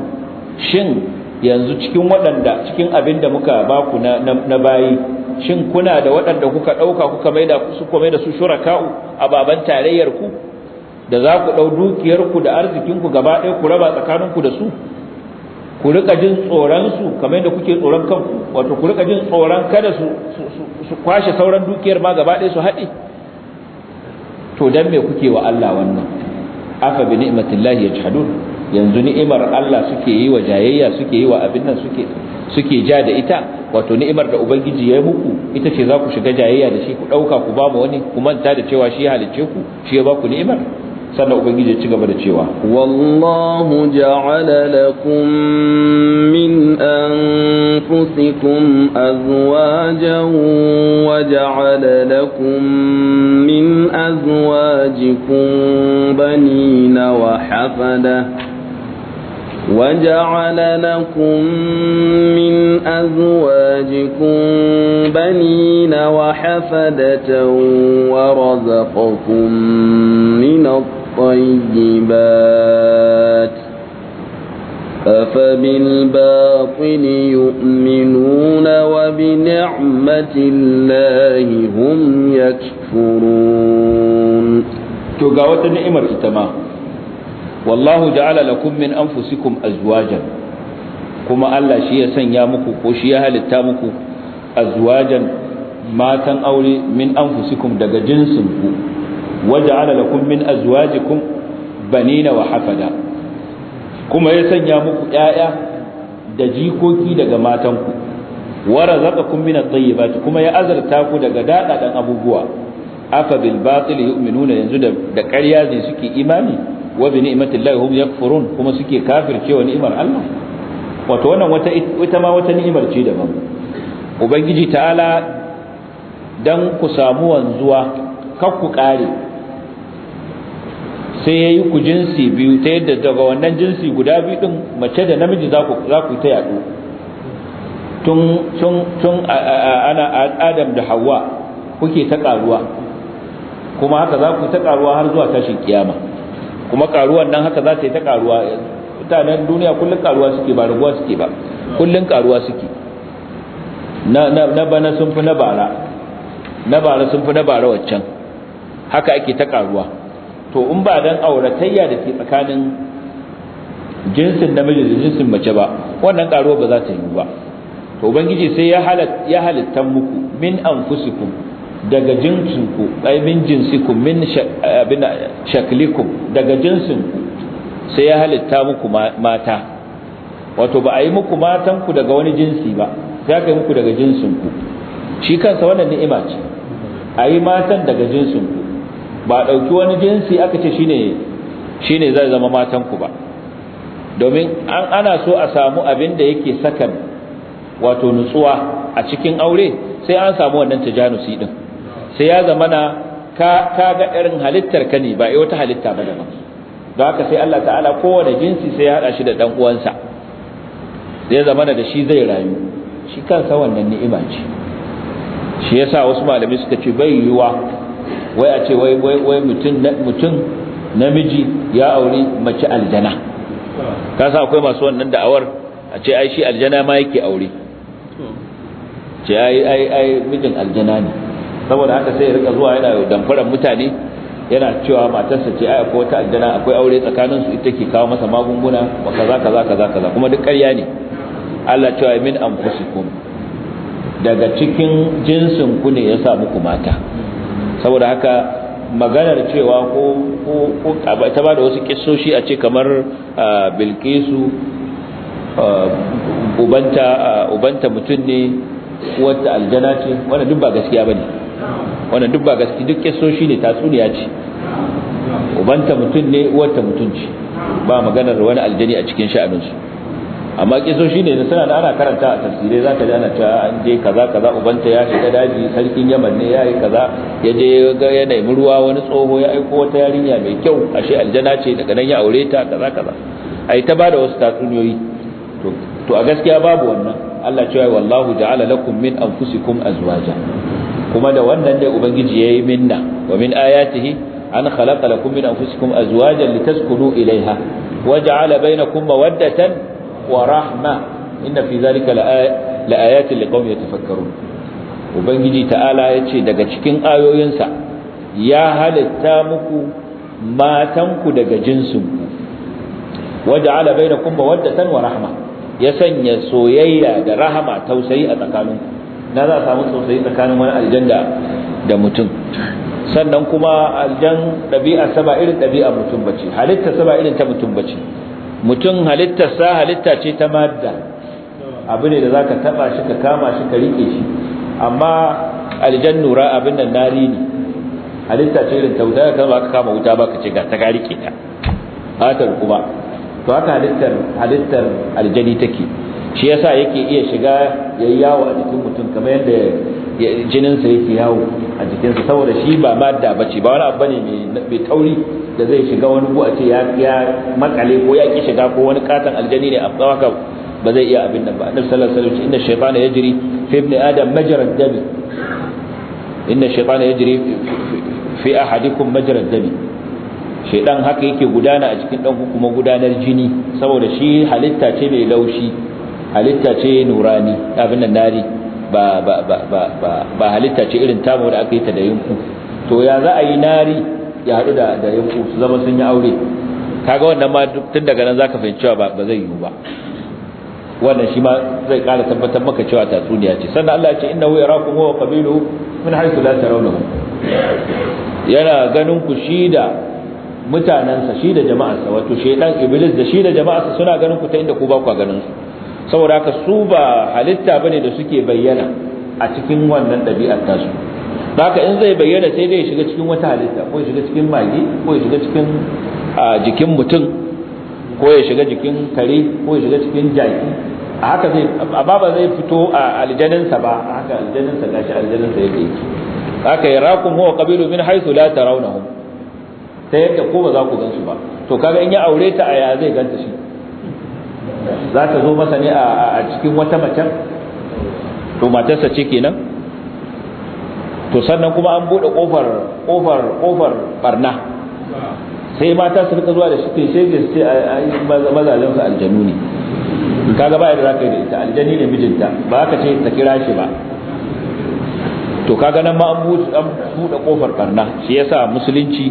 shin yanzu cikin waɗanda cikin abin da muka baku na, na, bayi shin kuna da waɗanda kuka ɗauka kuka maida su su shuraka'u a baban tarayyar ku da za ku ɗau dukiyarku da arzikinku gaba ɗaya ku raba tsakaninku da su ku rika jin tsoronsu kamar yadda kuke tsoron kanku wato ku rika jin tsoron kada su su kwashe sauran dukiyar ma gaba ɗaya su haɗe to dan me kuke wa Allah wannan afa bi ni'matillahi yajhadun yanzu ni'imar Allah suke yi wa jayayya suke yi wa abin nan suke suke ja da ita wato ni'imar da ubangiji ya yi muku ita ce za ku shiga jayayya da shi ku ɗauka ku ba mu wani ku manta da cewa shi halicce ku shi ya ba ku ni'imar sannan ubangiji ya ci gaba da cewa wallahu ja'ala lakum min anfusikum azwajan wa ja'ala lakum min azwajikum banina wa hafada وجعل لكم من أزواجكم بنين وحفدة ورزقكم من الطيب الطيبات أفبالباطل يؤمنون وبنعمة الله هم يكفرون تقاوة نعمة تمام والله جعل لكم من أنفسكم أزواجا كما ألا شيء سنيامكم وشيء هلتامكم أزواجا matan aure min anfusikum daga jinsinku waja'ala lakum min azwajikum banina wa hafada kuma ya sanya muku ƴaƴa da jikoki daga matanku wa razaqakum min at-tayyibati kuma ya azarta ku daga dadadan abubuwa afa bil batil yu'minuna yanzu da ƙarya ne suke imani wa bi ni'matillahi hum yakfurun kuma suke cewa ni'imar Allah wato wannan wata ita ma wata ni'imar ce daban ubangiji ta'ala dan ku samu wanzuwa kar ku kare sai ya yi ku jinsi biyu ta yadda daga wannan jinsi guda biyu ɗin mace da namiji za ku ta yaɗu tun ana adam da hawa kuke ta ƙaruwa kuma haka za ku ta ƙaruwa har zuwa tashin kiyama kuma ƙaruwan nan haka za ta yi ta ƙaruwa mutanen duniya kullum ƙaruwa suke ba raguwa suke ba kullum ƙaruwa suke na bana sun fi na bara na bara sun fi na bara waccan haka ake ta ƙaruwa to in ba dan auratayya da ke tsakanin jinsin namiji da jinsin mace ba wannan karuwa ba za ta yi ba to ubangiji sai ya halatta ya halitta muku min anfusikum daga jinsinku ai min jinsikum min shaklikum daga jinsinku sai ya halitta muku mata wato ba a yi muku matanku daga wani jinsi ba sai aka yi muku daga jinsinku shi kansa wannan ni'ima ce a yi matan daga jinsinku ba ɗauki wani jinsi aka ce shine shine zai zama matanku ba domin an ana so a samu abin da yake sakan wato nutsuwa a cikin aure sai an samu wannan tajanusi din sai ya zama na ka ka ga irin halittar ka ne ba ai wata halitta ba daban don haka sai Allah ta'ala kowane jinsi sai ya hada shi da dan uwansa zai zama da shi zai rayu shi kansa wannan ni'ima ce shi yasa wasu malami suka ce bai yiwa wai a ce wai wai wai mutum namiji ya auri mace aljana ka sa akwai masu wannan da'awar a ce ai shi aljana ma yake aure ce ai ai ai mijin aljana ne saboda haka sai ya rika zuwa yana damfaran mutane yana cewa matarsa ce ai akwai wata aljana akwai aure tsakanin su ita ke kawo masa magunguna ba kaza kaza kaza kaza kuma duk ƙarya ne Allah cewa min anfusikum daga cikin jinsin ku ne ya sa muku mata saboda haka maganar cewa ko ko ta ba da wasu kisoshi a ce kamar bilkisu ubanta ubanta mutum ne wata aljana ce wadda duk ba gaskiya ba ne, wadda duk ba gaskiya duk kisoshi ne tatsuniya ce ubanta mutum ne wata mutum ce ba maganar wani aljani a cikin sha'aninsu amma kisoshi shine da suna da ana karanta a tafsirai za ka ji ana cewa an je kaza kaza ubanta ya shiga daji sarkin yaman ne ya yi kaza ya je ga ya nemi ruwa wani tsoho ya aiko wata yarinya mai kyau ashe aljana ce daga nan ya aure ta kaza kaza ai ta bada wasu tatsuniyoyi to to a gaskiya babu wannan Allah cewa wallahu ja'ala lakum min anfusikum azwaja kuma da wannan dai ubangiji yayi minna wa min ayatihi an khalaqa lakum min anfusikum azwajan litaskunu ilaiha waja'ala bainakum mawaddatan wa rahma inna fi zalika la ayatin liqaumin yatafakkarun ubangiji ta'ala ce, daga cikin ayoyinsa ya halitta muku matanku daga jinsinku waja'ala bainakum mawaddatan wa rahma ya sanya soyayya da rahama tausayi a tsakaninku na za a samu tausayi tsakanin wani aljanda da mutum sannan kuma aljan ɗabi'a saba irin ɗabi'a mutum bace halitta saba irin ta mutum bace mutum halittarsa halitta ce ta madda abu ne da za ka taɓa shi ka kama shi ka rike shi amma aljan nura abin da nari ne halitta ce irin ta wuta ka kama ka kama wuta ba ka ce ga ta ka riƙe ta hatar kuma to haka halittar halittar aljani take shi yasa yake iya shiga ya yi yawo a jikin mutum kamar yadda jininsa yake yawo a jikinsa saboda shi ba madda ba ce ba wani abu ne mai tauri da zai shiga wani ko a ce ya makale ko ya ki shiga ko wani katon aljani ne a tsawaka ba zai iya abin nan ba annabi sallallahu alaihi wasallam inna shaytana yajri fi ibn adam majra dami inna shaytana yajri fi ahadikum majra dami shaydan haka yake gudana a cikin dan kuma gudanar jini saboda shi halitta ce mai laushi halitta ce nurani abin nan nari ba ba ba ba ba halitta ce irin tamu da aka yi ta da yunku to ya za a yi nari ya haɗu da da yanku su zama sun yi aure kaga wannan ma tun daga nan zaka fahimci cewa ba zai yiwu ba wannan shi ma zai ƙara tabbatar maka cewa tatsuniya ce sannan Allah ya ce innahu yarakum wa qabiluhu min haythu la tarawnahu yana ganin ku shi da mutanansa shi da jama'arsa wato shedan iblis da shi da jama'arsa suna ganin ku ta inda ku ba ku ganin su saboda haka su ba halitta bane da suke bayyana a cikin wannan ɗabi'ar tasu haka in zai bayyana sai dai ya shiga cikin wata halitta ko ya shiga cikin magi ko ya shiga cikin jikin mutum ko ya shiga jikin kare ko ya shiga cikin jaki a haka zai a baba zai fito a aljaninsa ba a haka aljaninsa gashi aljaninsa yadda yake haka ya rakun huwa qabilu min haythu la tarawnahum ta yadda ko ba za ku gansu ba to kaga in ya aure ta a ya zai ganta shi za ta zo masa ne a cikin wata macen to matarsa ce kenan to sannan kuma an bude kofar kofar kofar barna sai mata su rika zuwa da shi sai ga ai mazalin su aljanu ne kaga ba da zaka yi da ita aljani ne mijinta ba ka ce ta kira shi ba to kaga nan ma an bude kofar barna shi yasa musulunci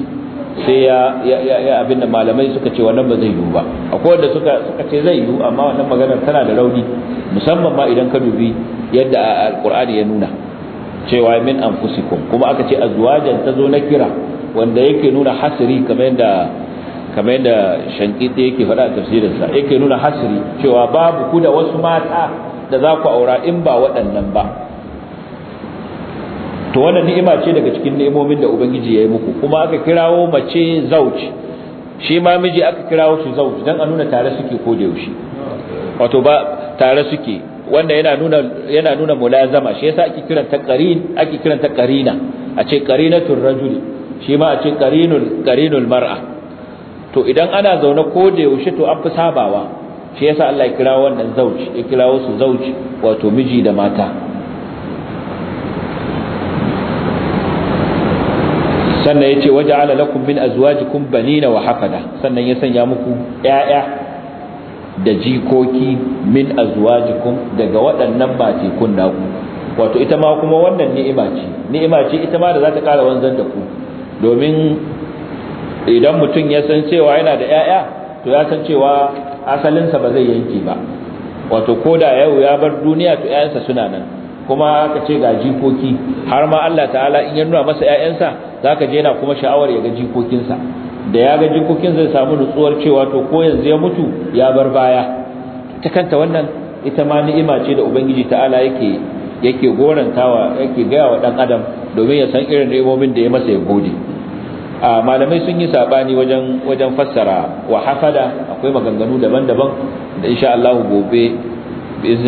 sai ya abin da malamai suka ce wannan ba zai yiwu ba akwai wanda suka ce zai yiwu amma wannan maganar tana da rauni musamman ma idan ka dubi yadda alkur'ani ya nuna cewa min anfusikum kuma aka ce azwajan tazo na kira wanda yake nuna hasiri kamar yadda kamar yake faɗa a tafsirinsa yake nuna hasiri cewa babu ku da wasu mata da za ku aura in ba waɗannan ba to wannan ni'ima ce daga cikin ni'imomin da ubangiji ya yi muku kuma aka kirawo mace zauci shi ma miji aka kirawo shi zauci don a nuna tare suke ko da yaushe wato ba tare suke wanda yana nuna yana nuna mulazama shi yasa ake kiran ta qarin ake kiran ta qarina a ce qarinatul rajuli shi ma a ce qarinul qarinul mar'a to idan ana zaune ko da yaushe to an fi sabawa shi yasa Allah ya kira wannan zauji ya kira wasu zauji wato miji da mata sannan yace waja'ala lakum min azwajikum banina wa hafada sannan ya sanya muku ƴaƴa da jikoki min azwajikum daga waɗannan matekun naku wato ita ma kuma wannan ni'ima ce ni'ima ce ita ma da za ta ƙara wanzan da ku domin idan mutum ya san cewa yana da 'ya'ya to ya san cewa asalinsa ba zai yanke ba wato ko da yau ya bar duniya to 'ya'yansa suna nan kuma ka ce ga jikoki har ma Allah ta'ala in ya nuna masa ƴaƴansa zaka je yana kuma sha'awar ya ga jikokinsa da ya ga jikokin zai samu nutsuwar cewa to ko yanzu ya mutu ya bar baya ta kanta wannan ita ma ni'ima ce da ubangiji ta'ala yake yake gorantawa yake gaya wa dan adam domin ya san irin ni'imomin da ya masa ya gode a malamai sun yi sabani wajen wajen fassara wa hafada akwai maganganu daban-daban da insha Allah gobe bi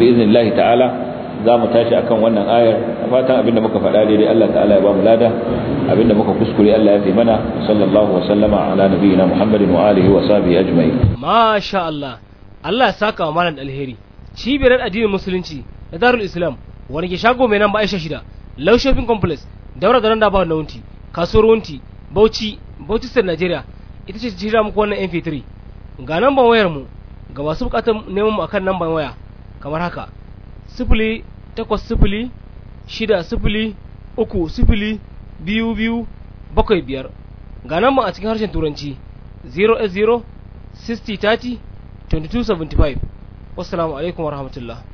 iznillahi ta'ala za mu tashi akan wannan ayar a fatan abinda muka faɗa daidai Allah ta'ala ya ba mu lada abinda muka kuskure Allah ya fi mana sallallahu wa sallama ala nabiyina Muhammadin wa alihi wa sahbihi ma sha Allah Allah ya saka wa malam alheri cibiyar addinin musulunci da darul islam wani ke shago mai nan ba aisha shida law shopping complex daura da randa ba na wunti kasuwar wunti bauchi bauchi sir nigeria ita ce jira muku wannan mp3 ga namban wayar mu ga masu bukatar neman mu akan namban waya kamar haka sifili takwas sifili shida sifili uku sifili biyu biyu bakwai biyar ga nan a cikin harshen turanci 0 0 60 30 22 75 wasu alaikum wa rahmatullah